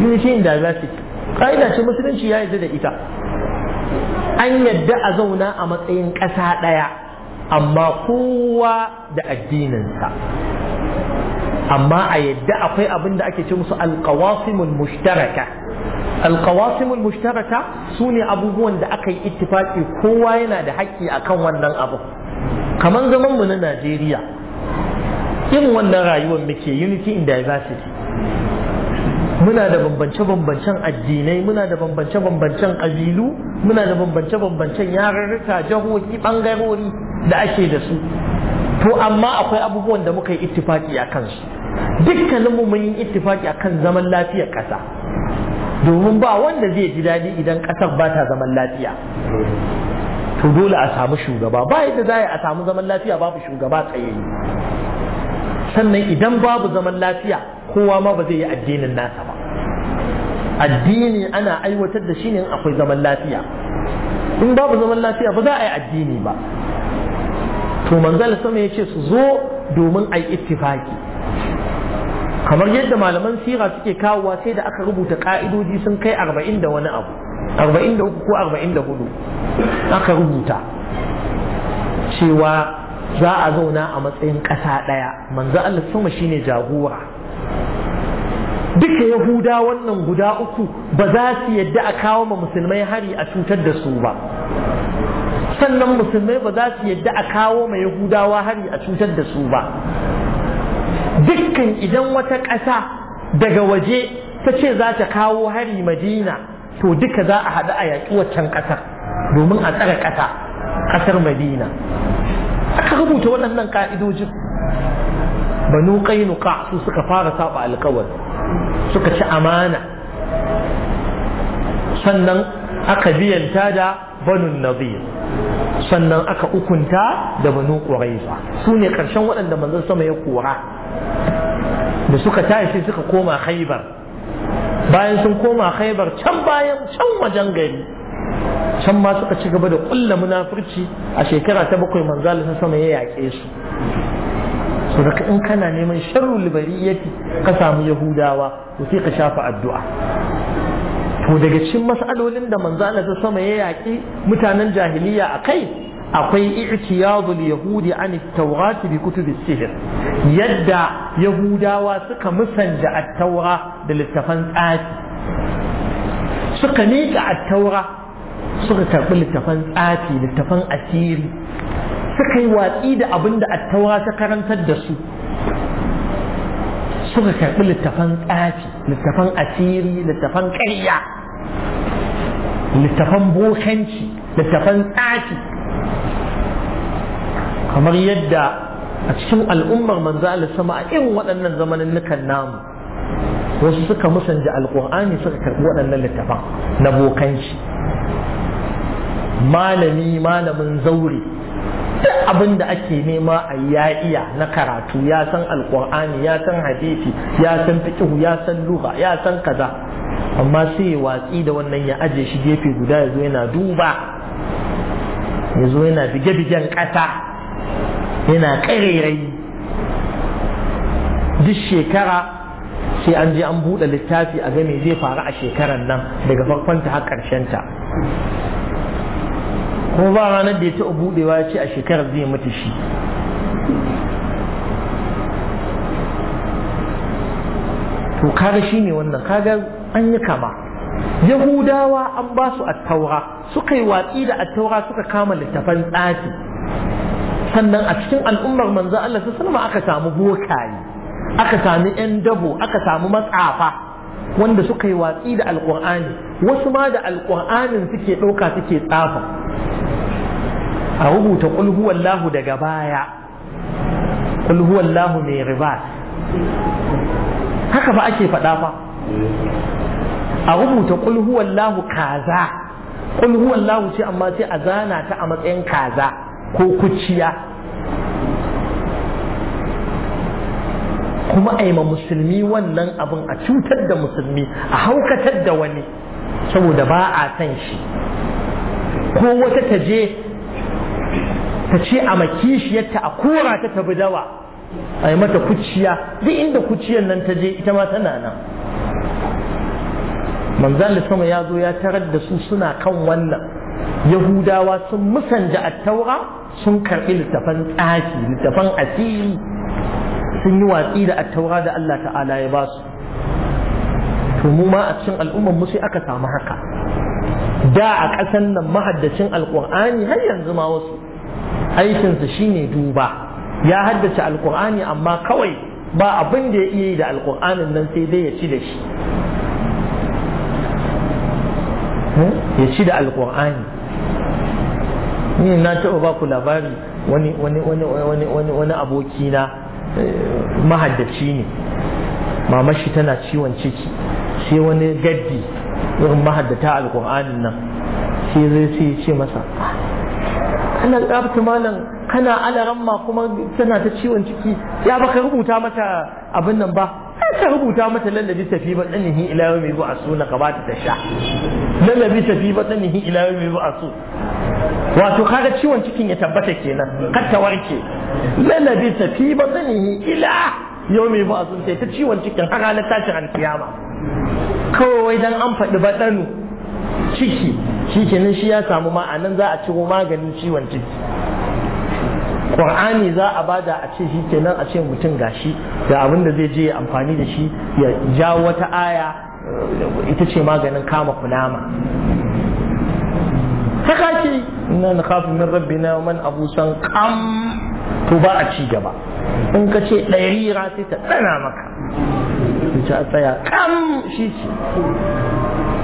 unity in diversity ka'ida ce musulunci ya yi da ita an yadda a zauna a matsayin ƙasa ɗaya amma kowa da addininsa amma a yadda akwai abin da ake ce musu alkawasimul mushtaraka alkawasimul mushtaraka su ne abubuwan da aka yi ittifaki kowa yana da haƙƙi a kan wannan abu kamar zaman mu na najeriya irin wannan rayuwar muke unity in diversity muna da bambance-bambancen addinai muna da bambance-bambancen ƙabilu muna da bambance-bambancen yarurruka jahohi bangarori da ake da su to amma akwai abubuwan da muka yi ittifaki a kansu dukkaninmu mun yi ittifaki a kan zaman lafiyar ƙasa domin ba wanda zai ji daɗi idan ƙasar ba ta zaman lafiya to dole a samu shugaba ba yadda za a samu zaman lafiya babu shugaba tsayayye sannan idan babu zaman lafiya kowa ma ba zai yi addinin nasa ba addini ana aiwatar da shi ne akwai zaman lafiya in babu zaman lafiya ba za a yi addini ba to manzal sama ya ce su zo domin a yi ittifaki kamar yadda malaman sira suke kawowa sai da aka rubuta ka'idoji sun kai arba'in da wani abu arba'in da uku ko arba'in da hudu aka rubuta cewa za a zauna a matsayin ƙasa ɗaya manzo Allah sama shine jagora duka yahuda wannan guda uku ba za su yadda a kawo ma musulmai hari a cutar da su ba sannan musulmai ba za su yadda a kawo ma yahudawa hari a cutar da su ba dukkan idan wata ƙasa daga waje ta ce za ta kawo hari madina to duka za a haɗu a yaƙi waccan ƙasar domin a tsare ƙasa ƙasar madina aka rubuta waɗannan ƙa'idojin banu qainuqa su suka fara saba alkawari suka ci amana sannan aka biyanta da banu nadir sannan aka ukunta da banu quraiza su ne karshen waɗanda manzon sama ya kora da suka tashi suka koma khaybar bayan sun koma khaybar can bayan can wajen gari can ma suka ci gaba da kulla munafurci a shekara ta bakwai manzalin sama ya yaƙe su so daga in kana neman sharrul bariyati ka samu yahudawa to sai ka shafa addu'a to daga cikin mas'alolin da manzo Allah ta sama ya yaki mutanen jahiliya akai akwai i'tiyadul yahudi an at bi kutubi sihr yadda yahudawa suka musanja at-taura da littafan tsafi suka miƙa at-taura suka karɓi littafan tsafi littafan asiri suka yi watsi da abin da attawa ta karantar da su suka karɓi littafan tsafi littafan asiri littafan ƙarya littafan bokanci littafan tsafi kamar yadda a cikin al'ummar manzo Allah sama a irin waɗannan zamanin nukan namu wasu suka musanja alƙur'ani suka karɓi waɗannan littafan na bokanci malami malamin zaure duk abin da ake nema a ya iya na karatu ya san alkur'ani ya san hadisi ya san fiqh ya san lugha ya san kaza amma sai watsi da wannan ya aje shi gefe guda ya yana duba ya yana bige-bigen ƙasa yana karerai duk shekara sai an je an buɗe littafi a me zai faru a shekarar nan daga farkonta har ta. ko ba ranar da ya taɓa buɗewa ya ce a shekarar zai mutu shi to kaga shi ne wannan kaga an yi kama yahudawa an ba su attaura suka yi watsi da attaura suka kama littafan tsafi sannan a cikin al'ummar manzo Allah su sallama aka samu bokaye aka sami yan dabo aka samu matsafa wanda suka yi watsi da alƙur'ani wasu ma da alƙur'anin suke ɗauka suke tsafa a rubuta qul lahu daga baya qul lahu mai riba haka ba ake faɗa ba? a rubuta ƙulhuwan lahu kaza kulhuwan lahu ce amma sai a zana ta a matsayin kaza ko kuciya kuma a yi ma musulmi wannan abin a cutar da musulmi a haukatar da wani saboda ba a san shi ko wata ta je ta ce a makishiyarta a kora ta tabi dawa a yi mata kuciya duk inda kuciyar nan ta je ita ma tana nan manzan da sama ya zo ya tarar da su suna kan wannan yahudawa sun musanja taura sun karɓi littafan tsaki littafan asiri sun yi watsi da attaura da Allah ta'ala ya ba su to mu ma a cikin al'ummar mu sai aka samu haka da a ƙasan nan mahaddacin alƙur'ani har yanzu ma wasu aikinsa shine duba ya haddace alkur'ani amma kawai ba abin da ya iya yi da alkur'anin nan sai dai ya ci da shi hmm? ya ci da alkur'ani ni na taɓa ba ku labari wani wani wani wani wani wani aboki na eh, mahaddaci ne mama shi tana ciwon ciki sai wani gaddi irin mahaddata alkur'anin nan sai zai ce masa ah, Kana ƙafta malam kana alaran kuma tana ta ciwon ciki ya baka rubuta mata abin nan ba ta rubuta mata lallabi tafi ba tsanihi ila yau mai zuwa su na ka bata ta sha lallabi tafi ba tsanihi ila yau mai zuwa su wato kaga ciwon cikin ya tabbata kenan kar ta warke lallabi tafi ba tsanihi ila yau mai zuwa su sai ta ciwon cikin har ranar tashin alkiyama kawai dan an faɗi baɗanu ciki shi kenan shi ya samu ma za a ci maganin ciwon ciki Qur'ani za a bada a ce shi kenan a ce mutum gashi da abin da zai je ya amfani da shi ya jawo wata aya ita ce maganin kama kunama haka ce inna nakhafu min na wa man abusan kam to ba a ci gaba in ka ce ɗari ra sai ta tsana maka ta tsaya kam shi ce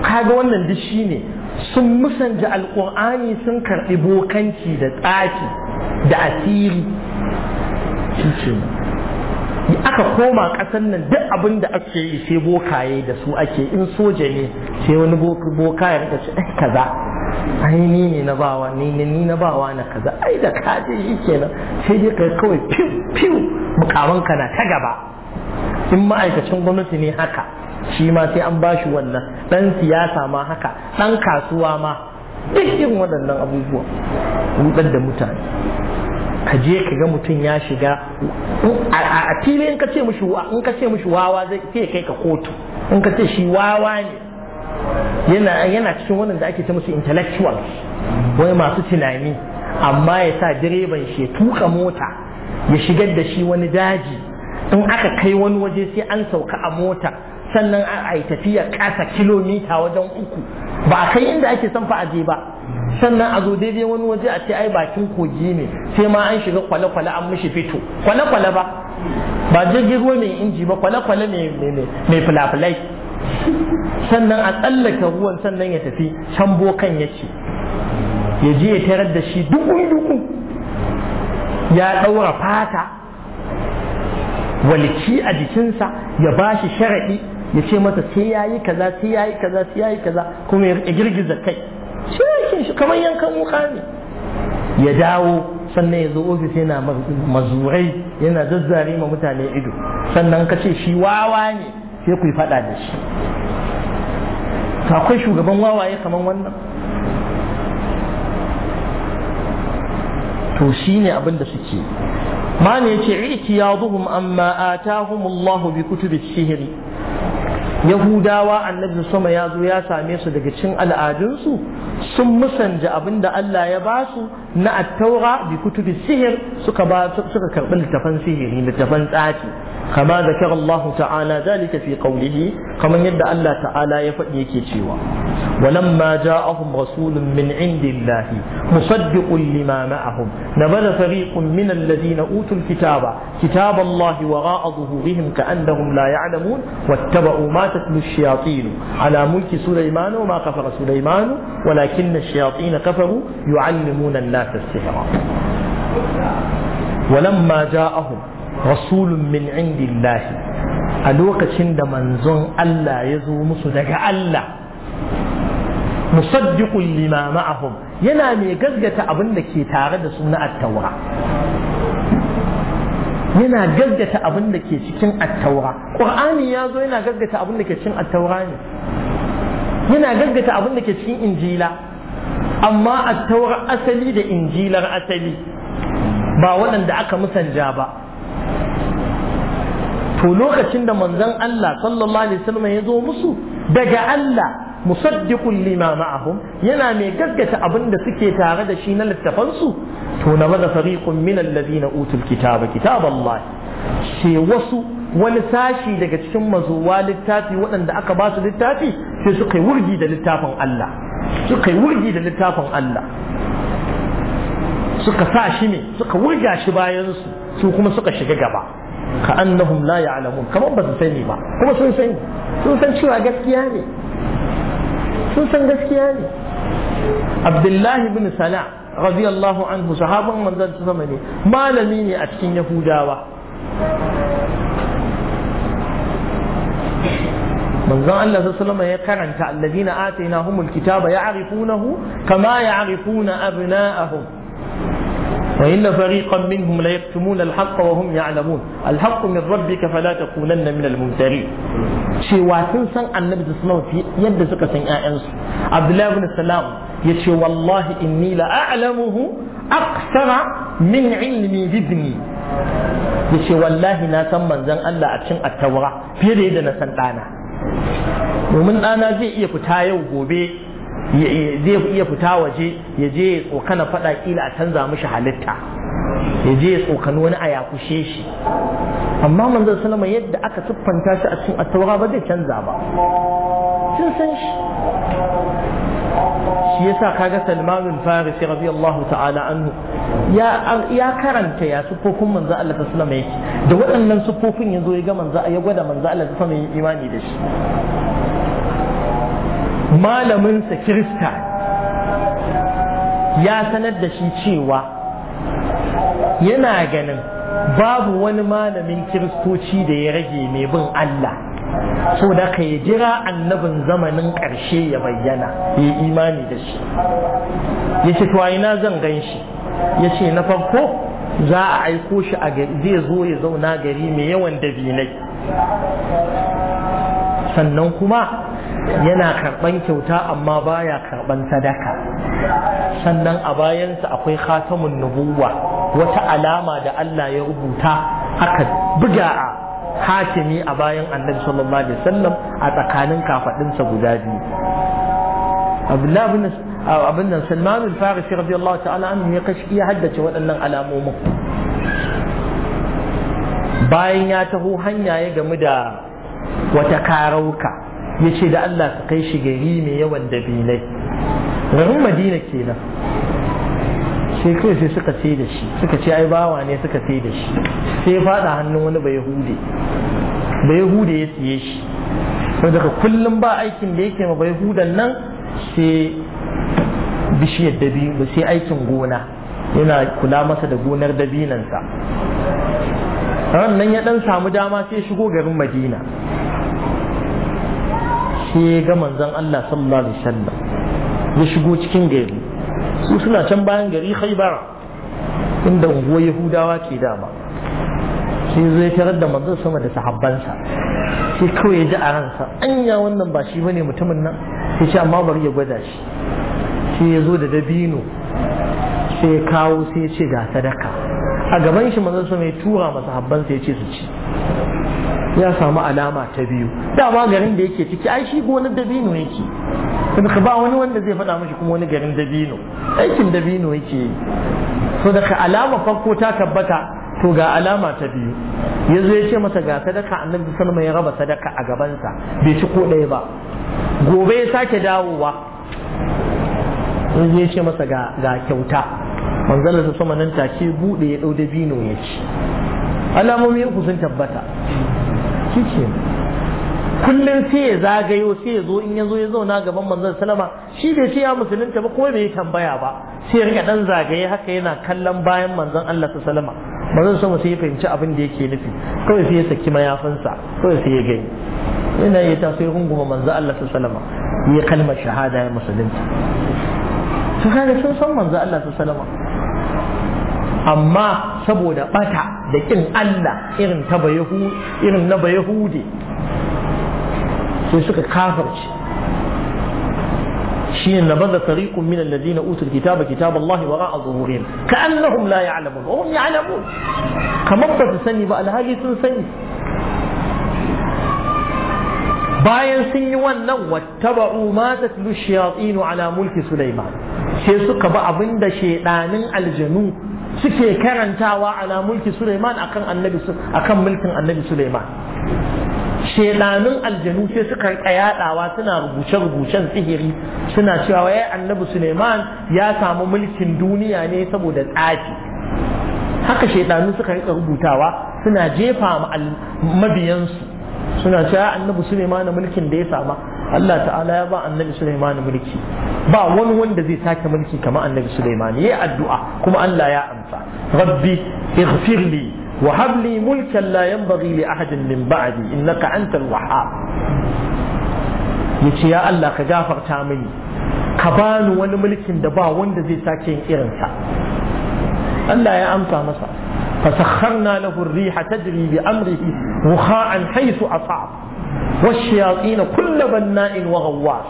kaga wannan duk shine sun musanja alkur'ani sun karɓi bokanci da tsaki da asiri aka koma ƙasar nan duk abin da ake yi sai bokaye da su ake in soja ne sai wani bokaye da ce ai kaza ai ni ne na bawa ni ne ni na bawa na kaza ai da kaje shi kenan sai dai kai kawai piu piu mukaman na ta gaba in ma'aikacin gwamnati ne haka shi ma sai an bashi wannan dan siyasa ma haka dan kasuwa ma duk irin waɗannan abubuwa rudar da mutane ka je ka ga mutum ya shiga a fili in ka ce mishi in ka ce mishi wawa zai sai kai ka kotu in ka ce shi wawa ne yana yana cikin wannan da ake ta musu intellectuals wai masu tunani amma ya sa direban shi ya tuka mota ya shigar da shi wani daji in aka kai wani waje sai an sauka a mota sannan a yi tafiya ƙasa kilomita wajen uku ba a kai inda ake san fa'aje ba sannan a zo daidai wani waje a ce ai bakin kogi ne sai ma an shiga kwale-kwale an mushi fito kwale-kwale ba ba jirgin ruwa mai inji ba kwale-kwale mai filafilai sannan a tsallake ruwan sannan ya tafi can bokan ce ya je ya tarar da shi duku-duku ya ɗaura fata walki a jikinsa ya ba shi sharaɗi ya ce masa sai yayi kaza sai yi kaza sai yi kaza kuma ya girgiza kai shi yake shi kamar yankan wuka ne ya dawo sannan ya zo ofis yana mazurai yana zazzare ma mutane ido sannan ka ce shi wawa ne sai ku yi faɗa da shi akwai shugaban wawaye kamar wannan to shi ne abin da suke ma ne ce iti ya zuhum amma atahumullahu bi kutubi sihiri yahudawa annabi sama ya zo ya same su daga cin al'adunsu sun musanja abin da Allah ya ba su na attaura bi kutubi sihir suka ba suka karɓi littafan sihiri littafan tsaki. كما ذكر الله تعالى ذلك في قوله كما يدعى الله تعالى يفعل كيتشيوا ولما جاءهم رسول من عند الله مصدق لما معهم نبذ فريق من الذين اوتوا الكتاب كتاب الله وراء ظهورهم كانهم لا يعلمون واتبعوا ما تتلو الشياطين على ملك سليمان وما كفر سليمان ولكن الشياطين كفروا يعلمون الناس السحر ولما جاءهم rasulun min indillahi a lokacin da manzon Allah ya zo musu daga Allah musaddiqun lima ma'ahum yana mai gaggata abin da ke tare da su na attaura yana gaggata abin da ke cikin attaura Qur'ani ya zo yana gaggata abin da ke cikin attaura ne yana gaggata abin da ke cikin injila amma attawar asali da injilar asali ba waɗanda aka musanja ba to lokacin da manzon Allah sallallahu alaihi wasallam ya zo musu daga Allah musaddiqun lima ma'ahum yana mai gaggata abin da suke tare da shi na littafan su to na bada fariqun min alladhina utul kitaba kitaballahi sai wasu wani sashi daga cikin mazuwa littafi waɗanda aka ba su littafi sai suka yi wurgi da littafin Allah suka yi wurgi da littafin Allah suka sa shi ne suka wurga shi bayansu su kuma suka shiga gaba ka annahum la ya'lamun kamar ba su sani ba kuma sun sani sun san cewa gaskiya ne sun san gaskiya ne abdullahi bin sana radiyallahu anhu sahaban manzon sama ne malami ne a cikin yahudawa manzon Allah sallallahu ya karanta alladina atainahumul kitaba ya'rifunahu kama ya'rifuna abna'ahum وإن فريقا منهم ليكتمون الحق وهم يعلمون الحق من ربك فلا تكونن من الممترين cewa sun san annabi da sunan yadda suka san ƴaƴansu abdullahi ibn salam yace wallahi inni la a'lamuhu aksara min ilmi bibni yace wallahi na san manzon Allah a cikin attaura fiye da yadda na san ɗana domin ɗana zai iya fita yau gobe zai iya fita waje ya je ya tsokana fada kila a canza mishi halitta ya je ya tsokani wani a yakushe shi amma manzon sallama yadda aka siffanta shi a cikin attaura ba zai canza ba sun san shi shi yasa kaga Salman al-Farisi radiyallahu ta'ala anhu ya ya karanta ya sufofin manzo Allah ta sallama yake da waɗannan sufofin yazo ya ga manzo ya gwada manzo Allah ta sallama imani da shi malaminsa kirista ya sanar da shi cewa yana ganin babu wani malamin kiristoci da ya rage mai bin Allah so da ka yi jira annabin zamanin ƙarshe ya bayyana ya yi imani da shi ya ce ina zan gan shi ya ce na farko za a aiko shi a gari zai zo ya zauna gari mai yawan dabinai sannan kuma yana karɓan kyauta amma baya karɓan sadaka sannan a bayansa akwai khatamun nubuwa wata alama da Allah ya rubuta haka buga a hakimi a bayan annabi sallallahu alaihi wasallam a tsakanin kafadinsa guda biyu abdullahi abin nan salman al-farisi radiyallahu ta'ala anhu ya kashi iya haddace waɗannan alamomin bayan ya taho hanya ya gamu da wata karauka ya ce da Allah ka kai shi gari mai yawan dabinai garin madina kenan sai kawai sai suka sai da shi suka ce ai bawa ne suka sai da shi sai fada hannun wani bai hude bai hude ya siye shi wanda daga kullum ba aikin da yake ma bai hudan nan sai bishiyar ba sai aikin gona yana kula masa da gonar dabinansa nan ya dan samu dama sai shigo garin madina sai ya ga manzon Allah sallallahu alaihi wasallam ya shigo cikin gari su suna can bayan gari kai khaybara inda unguwa yahudawa ke dama sai zai tarar da manzon sama da sahabbansa sai kawai ya ji a ransa anya wannan ba shi bane mutumin nan sai ce amma bari ya gwada shi sai ya zo da dabino sai ya kawo sai ya ce ga sadaka a gaban shi manzon sama ya tura masa habbansa ya ce su ci ya samu alama ta biyu dama garin da yake ciki ai shi wani dabino yake ka ba wani wanda zai faɗa mashi kuma wani garin dabino aikin dabino yake yi so daga alama farko ta tabbata to ga alama ta biyu ya zo ya ce masa ga sadaka annabi sallama ya raba sadaka a gabansa bai ci ko ɗaya ba gobe ya sake dawowa ya zo ya ce masa ga kyauta manzalar su sama nan take buɗe ya ɗau dabino ya ci alamomin ku sun tabbata shi kullum sai ya zagayo sai ya zo in ya zo ya zauna gaban manzon salama shi bai ce ya musulunta ba kuma bai tambaya ba sai ya rika dan zagaye haka yana kallon bayan manzon Allah ta salama manzon sama sai ya fahimci abin da yake nufi kawai sai ya saki mayafinsa kawai sai ya gani yana yi ta ya hunguma manzon Allah ta salama ya kalmar shahada ya musulunta to kaga sun san manzon Allah ta salama amma saboda bata da kin Allah irin ta bayahu irin na bayahudi sai suka kafirce shi ne na bada tariqun min alladhina utul kitaba kitab Allah wara'a zuhurihim ka'annahum la ya'lamun wa hum ya'lamun kamar ba su sani ba alhali sun sani bayan sun yi wannan wattaba'u ma tatlu shayatin ala mulki sulaiman sai suka ba abinda shedanin aljanu suke karantawa ala mulki Suleiman akan annabi akan mulkin annabi Suleiman shedanun aljanu sai suka rika yadawa suna rubuce rubucen sihiri suna cewa wai annabi Suleiman ya samu mulkin duniya ne saboda tsafi haka shedanu suka rika rubutawa suna jefa mabiyansu suna cewa annabi Suleiman mulkin da ya sama Allah ta'ala ya ba annabi Suleiman mulki ba wani wanda zai sake mulki kamar annabi Ya yayi addu'a kuma Allah ya amsa rabbi ighfirli wa habli mulkan la yanbaghi li ahadin min ba'di innaka antal wahhab yace ya Allah ka gafarta mini ka bani wani mulkin da ba wanda zai sake yin irinsa Allah ya amsa masa فسخرنا له الريح تجري بأمره مخاء حيث أصاب والشياطين كل بناء وغواص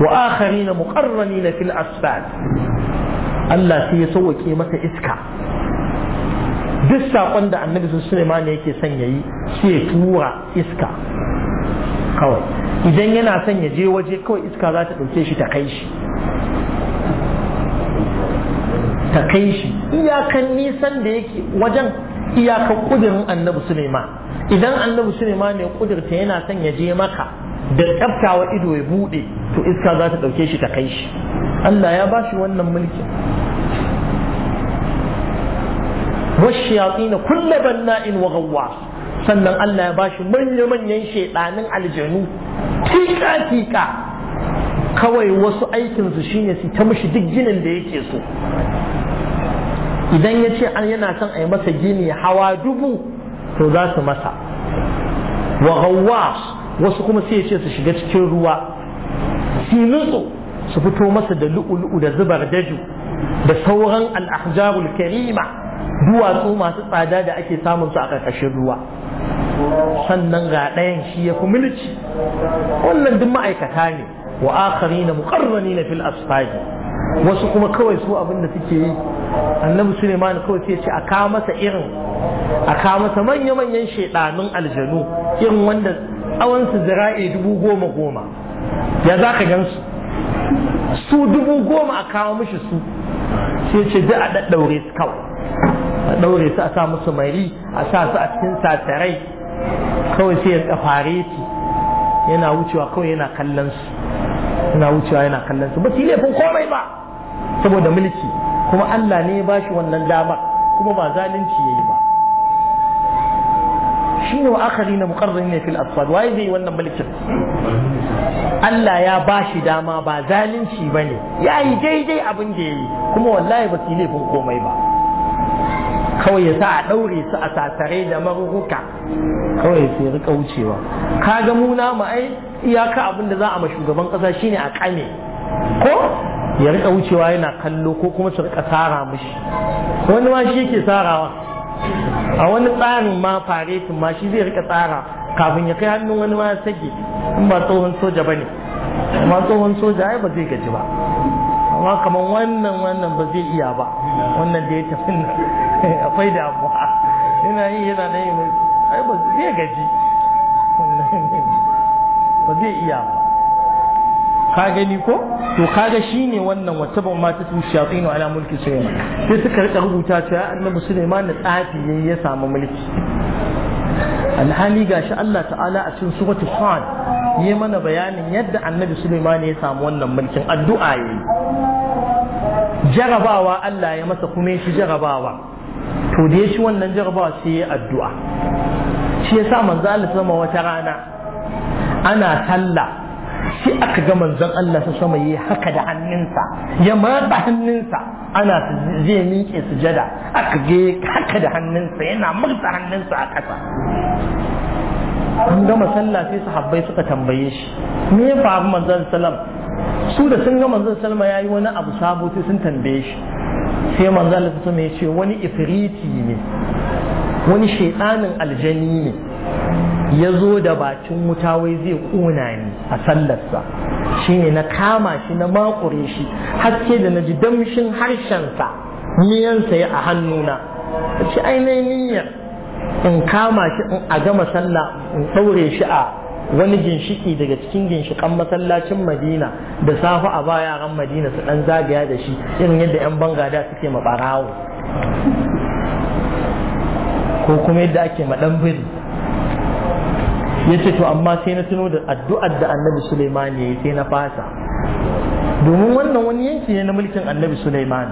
وآخرين مقرنين في الأسفاد ألا سيسوى كيمة إسكا دسا قند عن نبي سليمان يكي سنيي سيطورة إسكا قوي إذا ينا سنيجي وجي كو إسكا ذات تلتيش تقيشي ta kai shi iyakan nisan da yake wajen iyakan kudirin annabi Suleiman idan annabi Suleiman ne kudirta yana son ya je maka da tsaftawa ido ya bude to iska za ta dauke shi ta kai shi Allah ya ba shi wannan mulki washiyatin kullu banna'in wa ghawwas sannan Allah ya ba shi manya-manyan shaiɗanin aljanu tika tika kawai wasu aikinsu shine su ta mishi duk ginin da yake so idan ya ce an yana son a yi masa gini hawa dubu to za su masa wa wasu kuma sai ya ce su shiga cikin ruwa su nutsu su fito masa da lu'ulu'u da zubar daju da sauran al'ahjarul karima duwatsu masu tsada da ake samun su a ƙarƙashin ruwa sannan ga ɗayan shi ya fi mulki wannan duk ma'aikata ne wa akharina muqarranina fil asfaj wasu kuma kawai su abin da suke yi annabi suleiman kawai sai ce a ka masa irin a ka masa manya manyan aljanu irin wanda tsawon su zira'i dubu goma goma ya za ka gan su su dubu goma a kawo mishi su sai ce a daddaure su kawai a daure su a sa musu mari a sa su a cikin satarai kawai sai ya fare su yana wucewa kawai yana kallon su suna wucewa yana kallon su ba su laifin komai ba saboda mulki kuma Allah ne ya bashi wannan damar kuma ba zalunci yayi ba shine wa akharina muqarranin fil asfad waye zai wannan mulkin Allah ya bashi dama ba zalunci ba bane yayi daidai abin da yi kuma wallahi ba su laifin komai ba kawai ya sa a ɗaure su a sasare da maruhuka kawai ya rika wucewa ka mu muna mu ai iyaka abin da za a ma shugaban ƙasa shine a kame ko ya rika wucewa yana kallo ko kuma su rika tsara mushi wani ma shi yake tsarawa a wani tsarin ma faretin ma shi zai rika tsara kafin ya kai hannun wani ma sage in ba tsohon soja ba ne amma tsohon soja ai ba zai gaji ba amma kamar wannan wannan ba zai iya ba wannan da ya tafi nan akwai damuwa yana yi yana nan yi ai ba zai gaji ba zai iya ba ka gani ko to kaga shine wannan wata ban ma ta tushiya tsino ala mulki Sulaiman sai suka rika rubuta cewa annabi Sulaiman na tsafi yayi ya samu mulki alhali gashi Allah ta'ala a cikin suratul fan yi mana bayanin yadda annabi Sulaiman ya samu wannan mulkin addu'a yayi jarabawa Allah ya masa kuma shi jarabawa to da ya ci wannan jarabawa sai ya addu'a shi ya sa manzan Allah sama wata rana ana sallah sai aka ga manzan Allah su sama yi haka da hannunsa ya matsa hannunsa ana zai miƙe sujada aka ga haka da hannunsa yana matsa hannunsa a ƙasa an gama sallah sai sahabbai suka tambaye shi me ya faru manzan sallam su da sun ga manzon sallama yi wani abu sabo sai sun tambaye shi sai manzo Allah sama ya ce wani ifriti ne wani shaidanin aljani ne ya zo da bakin wuta wai zai kona ni a sallarsa shine na kama shi na makure shi haske da na ji damshin harshensa miyansa ya a hannuna ce ainihin niyyar in kama shi in a gama sallah in ɗaure shi a wani ginshiki daga cikin ginshikan masallacin madina da safe a baya ran madina su dan zagaya da shi irin yadda yan bangada suke ma barawo ko kuma yadda ake ma dan biri yace to amma sai na tuno da addu'ar da annabi Suleiman ya yi sai na fasa domin wannan wani yanki ne na mulkin annabi Suleiman.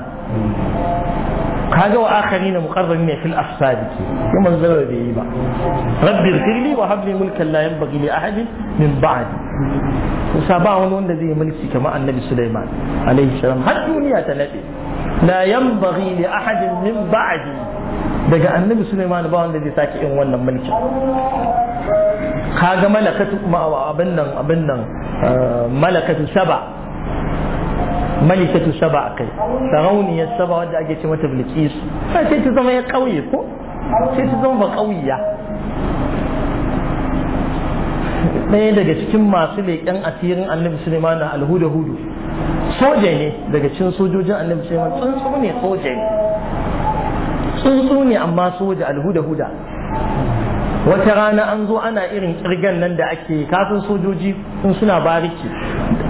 kaga wa akharina muqarrabina fil asfad ke ya manzara da yi ba rabbi ighfirli wa habli mulkan la yanbaghi li ahadin min ba'di kusa ba wani wanda zai mulki kamar annabi Sulaiman alaihi salam har duniya ta nade la yanbaghi li ahadin min ba'di daga annabi Sulaiman ba wanda zai sake yin wannan mulki kaga malakatu abin nan abin nan eh, malakatu saba malikatu saba kai sarauniyar saba wanda ake ce mata bilkis sai ta zama ya kauye ko sai ta zama ba kauya ɗaya daga cikin masu leƙen asirin annabi suleiman na alhuda hudu soja ne daga cikin sojojin annabi suleiman tsuntsu ne soja ne tsuntsu ne amma soja alhuda huda wata rana an zo ana irin kirgan nan da ake kafin sojoji sun suna bariki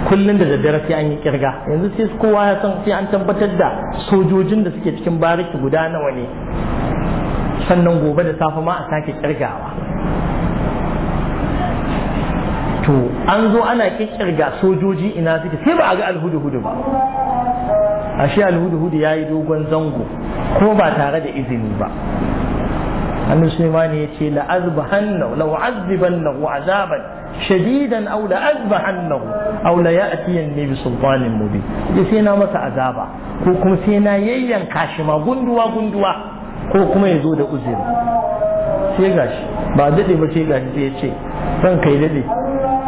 kullum da daddare sai an yi kirga yanzu sai kowa ya san sai an tabbatar da sojojin da suke cikin bariki guda nawa ne sannan gobe da safe ma a sake kirgawa to an zo ana kirga sojoji ina suke sai ba a ga alhudu ba ashe alhudu-hudu ya yi dogon zango ko ba tare da izini ba annabi Sulaiman ya ce la azbahannahu law azibannahu azaban shadidan aw la azbahannahu aw la ya'tiyanni bi sultanin mubin ya sai na masa azaba ko kuma sai na yayyanka shi ma gunduwa gunduwa ko kuma ya zo da uzuri sai gashi ba daɗe ba sai gashi sai ya ce ran kai daɗe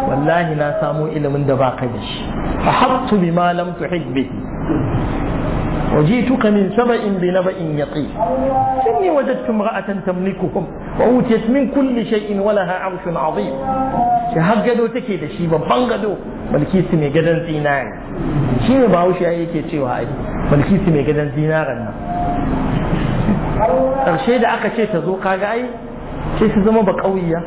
wallahi na samu ilimin da ba ka da shi ahabtu bima lam tuhib وجئتك من سبأ بنبأ يقين إني وجدت امرأة تملكهم وأوتيت من كل شيء ولها عرش عظيم شهقدو تكي ده شي ببان قدو ملكي سمي قدن زينار شي ما باوش أي كي تشيو هاي ملكي سمي قدن زينار ƙarshe da aka ce ta zo kaga ai sai su zama ba ƙauya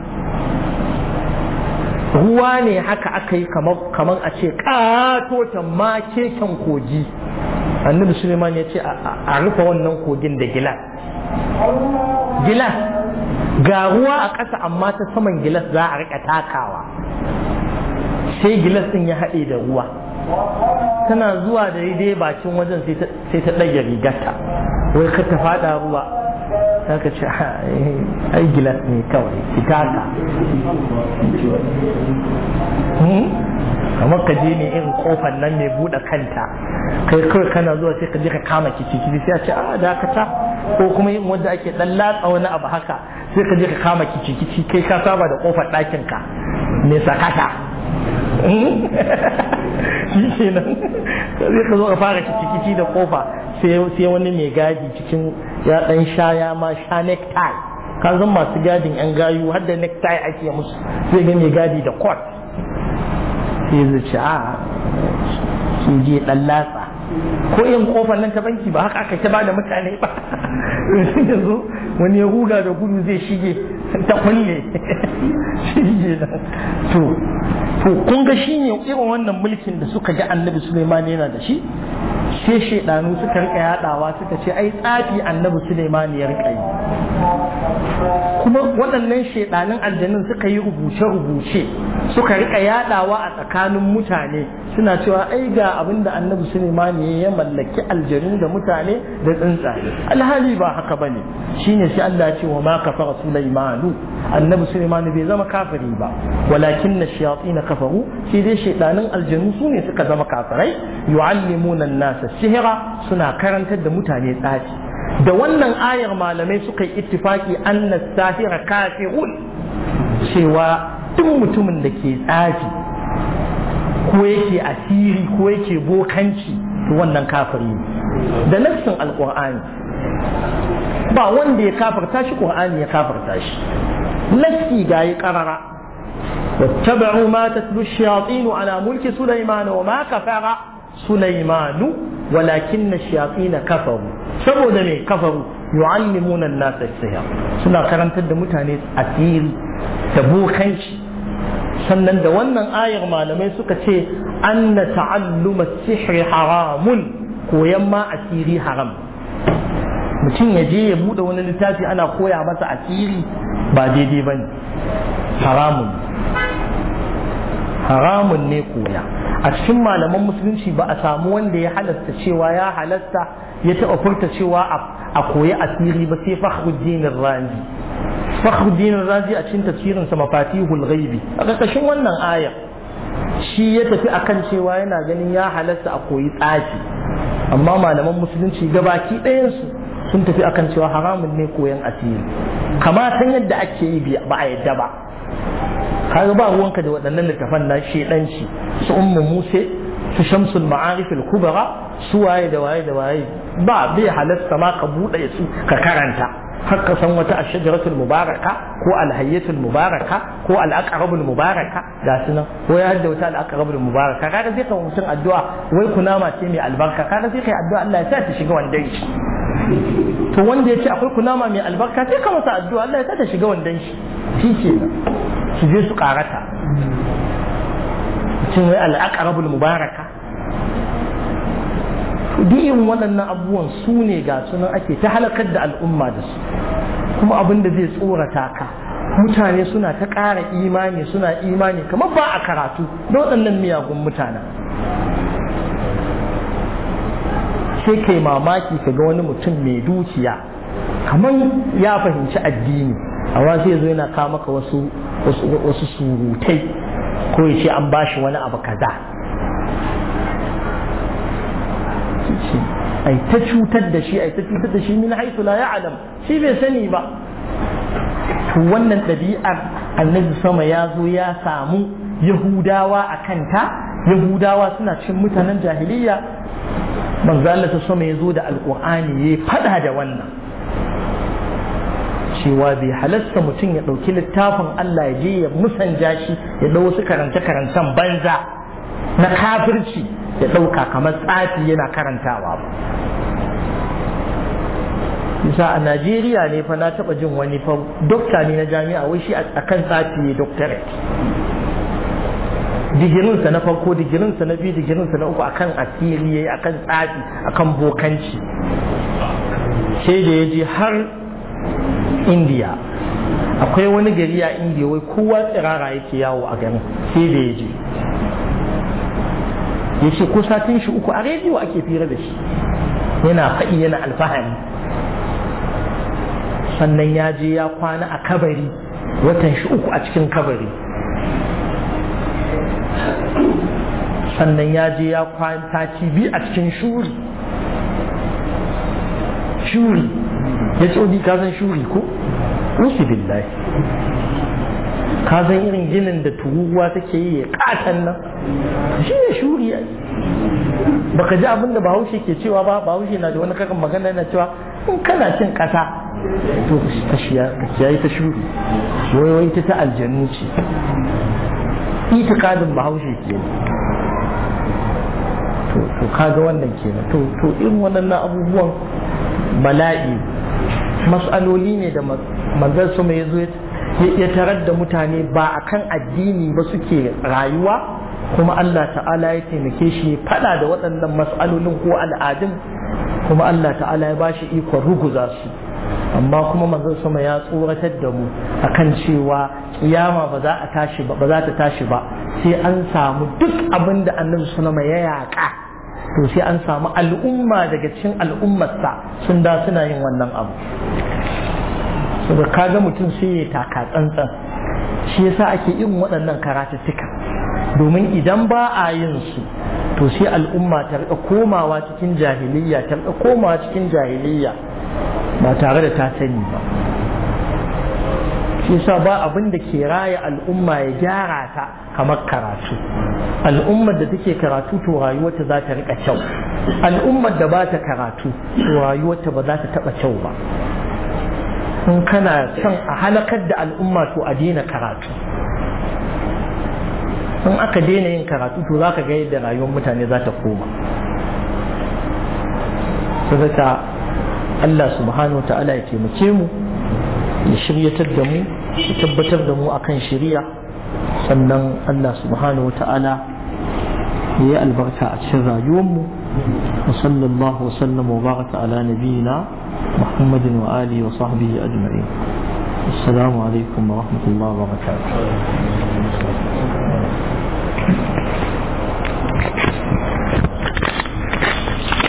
ruwa ne haka aka yi kamar a ce ƙatotan makeken kogi annabi suleiman ya ce a rufe wannan kogin da gilas gila ga ruwa a ƙasa amma ta saman gilas za a rika takawa sai gilas ɗin ya haɗe da ruwa tana zuwa da daidai bakin wajen sai ta ɗage rigarta wai ka ta faɗa ruwa ta ka ce eh, ai gilas ne kawai ki taka hmm? kamar ka je ne irin kofar nan mai buɗe kanta kai kawai kana zuwa sai ka je ka kama kici kici sai a ce a ah, dakata ko kuma yin wanda ake dan latsa wani abu haka sai ka je ka kama kici kici kai ka saba da kofar ɗakin ka mai sakata shi ke nan sai ka zo ka fara kici kici da kofa sai wani mai gadi cikin ya dan sha ya ma sha necktie kan zan masu gadin yan gayu har da necktie ake musu sai ga mai gadi da kwat sai zai a ah, shi je dan latsa ko yin kofar nan ta banki ba haka aka ta bada mutane ba yanzu wani ya ruga da gudu zai shige ta kulle shige to to kun ga shine irin wannan mulkin da suka ga annabi Sulaiman yana da shi sai shaidanu suka rika yadawa suka ce ai tsafi annabi Sulaiman ya rika yi kuma waɗannan shaidanun aljanun suka yi rubuce-rubuce suka rika yadawa a tsakanin mutane suna cewa ai ga abin da annabi Sulaiman ya mallaki aljanu da mutane da tsuntsaye alhali ba haka bane shine sai Allah ya ce wa ma kafara Sulaimanu annabi Sulaiman bai zama kafiri ba walakin na shayatin kafaru shi dai shaidanun aljannu sune suka zama kafirai yu'allimuna an-nasa sihira suna karantar da mutane tsafi da wannan ayar malamai suka yi ittifaki anna sahira kafirun cewa duk mutumin da ke tsafi ko yake asiri ko yake bokanci to wannan kafiri da nassin alqur'ani ba wanda ya kafarta shi qur'ani ya kafarta shi nassi ga yi karara واتبعوا ما تتلو الشياطين على ملك سليمان وما كفر sulaimanu walakin na shafi na kafaru saboda mai kafaru yu'allimuna an-nasa suna karantar da mutane asiri da bokanci sannan da wannan ayar malamai suka ce an na ta'alluma sihri haramun koyan ma asiri haram mutum ya je ya bude wani littafi ana koya masa asiri ba daidai bane haramun haramun ne koya a cikin malaman musulunci ba a samu wanda ya halasta cewa ya halasta ya taɓa furta cewa a koyi asiri ba sai fakhruddin razi fakhruddin razi a cikin tafsirin sa mafatihul ghaibi a ƙarƙashin wannan ayar shi ya tafi akan cewa yana ganin ya halasta a koyi tsafi amma malaman musulunci gabaki ɗayansu sun tafi akan cewa haramun ne koyan asiri san yadda ake yi ba a yadda ba kaga ba ruwanka da waɗannan littafan na shedanci su ummu musa su shamsul ma'arif al-kubra su waye da waye da waye ba bai halatta ma ka bude su ka karanta Har ka san wata ashjaratul mubaraka ko alhayyatul mubaraka ko alaqrabul mubaraka ga su nan ko ya da wata alaqrabul mubaraka kaga zai kawo mutum addu'a wai kunama ce mai albarka kaga zai kai addu'a Allah ya sa ta shiga wandan shi to wanda ya ce akwai kunama mai albarka sai ka masa addu'a Allah ya sa ta shiga wandan shi shi ke su je su karata mutum wai alaqrabul mubaraka duk waɗannan abubuwan su ne ga sunan ake ta halakar da al'umma da su kuma abin da zai tsorata ka mutane suna ta ƙara imani suna imani kamar ba a karatu da waɗannan miyagun mutanen sai kai mamaki ka ga wani mutum mai dukiya kamar ya fahimci addini amma wasu zo yana kawo maka wasu surutai ko ya ce an bashi wani abu kaza ai ta cutar da shi ai ta cutar da shi min haitu la ya'lam shi bai sani ba to wannan ɗabi'ar annabi sama ya zo ya samu yahudawa a kanta yahudawa suna cin mutanen jahiliya manzo Allah ta sama ya zo da alqur'ani ya fada da wannan cewa bai halasta mutum ya ɗauki littafin Allah ya je ya musanja shi ya ɗau wasu karance-karancen banza na kafirci ya ɗauka kamar tsafi yana karantawa ba Isa a najeriya ne fa na taɓa jin wani fa dokta ne na jami'a wai shi a kan tsafi ne doctorate digirinsa na farko digirinsa na biyu digirinsa na uku akan asiri a akan tsafi akan bokanci sai da ya je har indiya akwai wani gari a indiya wai kowa tsirara yake yawo a garin sai da ya je ya ce ko satin shi uku a rediyo ake fira da shi yana faɗi yana alfahari sannan ya je ya kwana a kabari watan shi uku a cikin kabari sannan ya je ya kwana sati biyu a cikin shuri shuri ya ce odi ka shuri ko usu billahi ka san irin ginin da turuwa take yi ya katan nan shi ne shuri baka ji abin da bahaushe ke cewa ba bahaushe na da wani kakan magana yana cewa in kana cin kasa to ya yi ta shuri wai wai ta ta aljannu ce itikadin bahaushe ke to kaga wannan kenan to to irin waɗannan abubuwan bala'i mas'aloli ne da manzon mai zo ya tarar da mutane ba a kan addini ba suke rayuwa kuma Allah ta'ala ya taimake shi ya fada da waɗannan matsalolin ko al'adun kuma Allah ta'ala ya bashi ikon ruguza su amma kuma manzon sama ya tsoratar da mu akan cewa kiyama ba za a tashi ba za ta tashi ba sai an samu duk abin da annabi sallama ya yaƙa to sai an samu al'umma daga cikin al'ummarsa sun da suna yin wannan abu saboda kaga mutum sai ya taka tsantsan shi yasa ake irin waɗannan karatuttuka domin idan ba a yin su to sai al'umma ta rika komawa cikin jahiliya ta rika komawa cikin jahiliya ba tare da ta sani ba shi yasa ba abin da ke raya al'umma ya gyara ta kamar karatu al'ummar da take karatu to rayuwarta za ta rika kyau al'ummar da ba ta karatu to rayuwarta ba za ta taba kyau ba in kana son a halakar da al'umma to a daina karatu in aka daina yin karatu to za ka ga yadda rayuwar mutane za ta koma saboda Allah subhanahu ta'ala ya taimake mu ya shiryatar da mu ya tabbatar da mu akan shari'a sannan Allah subhanahu ta'ala ya yi albarka a cikin rayuwar mu وصلى الله وسلم وبارك على نبينا محمد وآله وصحبه أجمعين السلام عليكم ورحمة الله وبركاته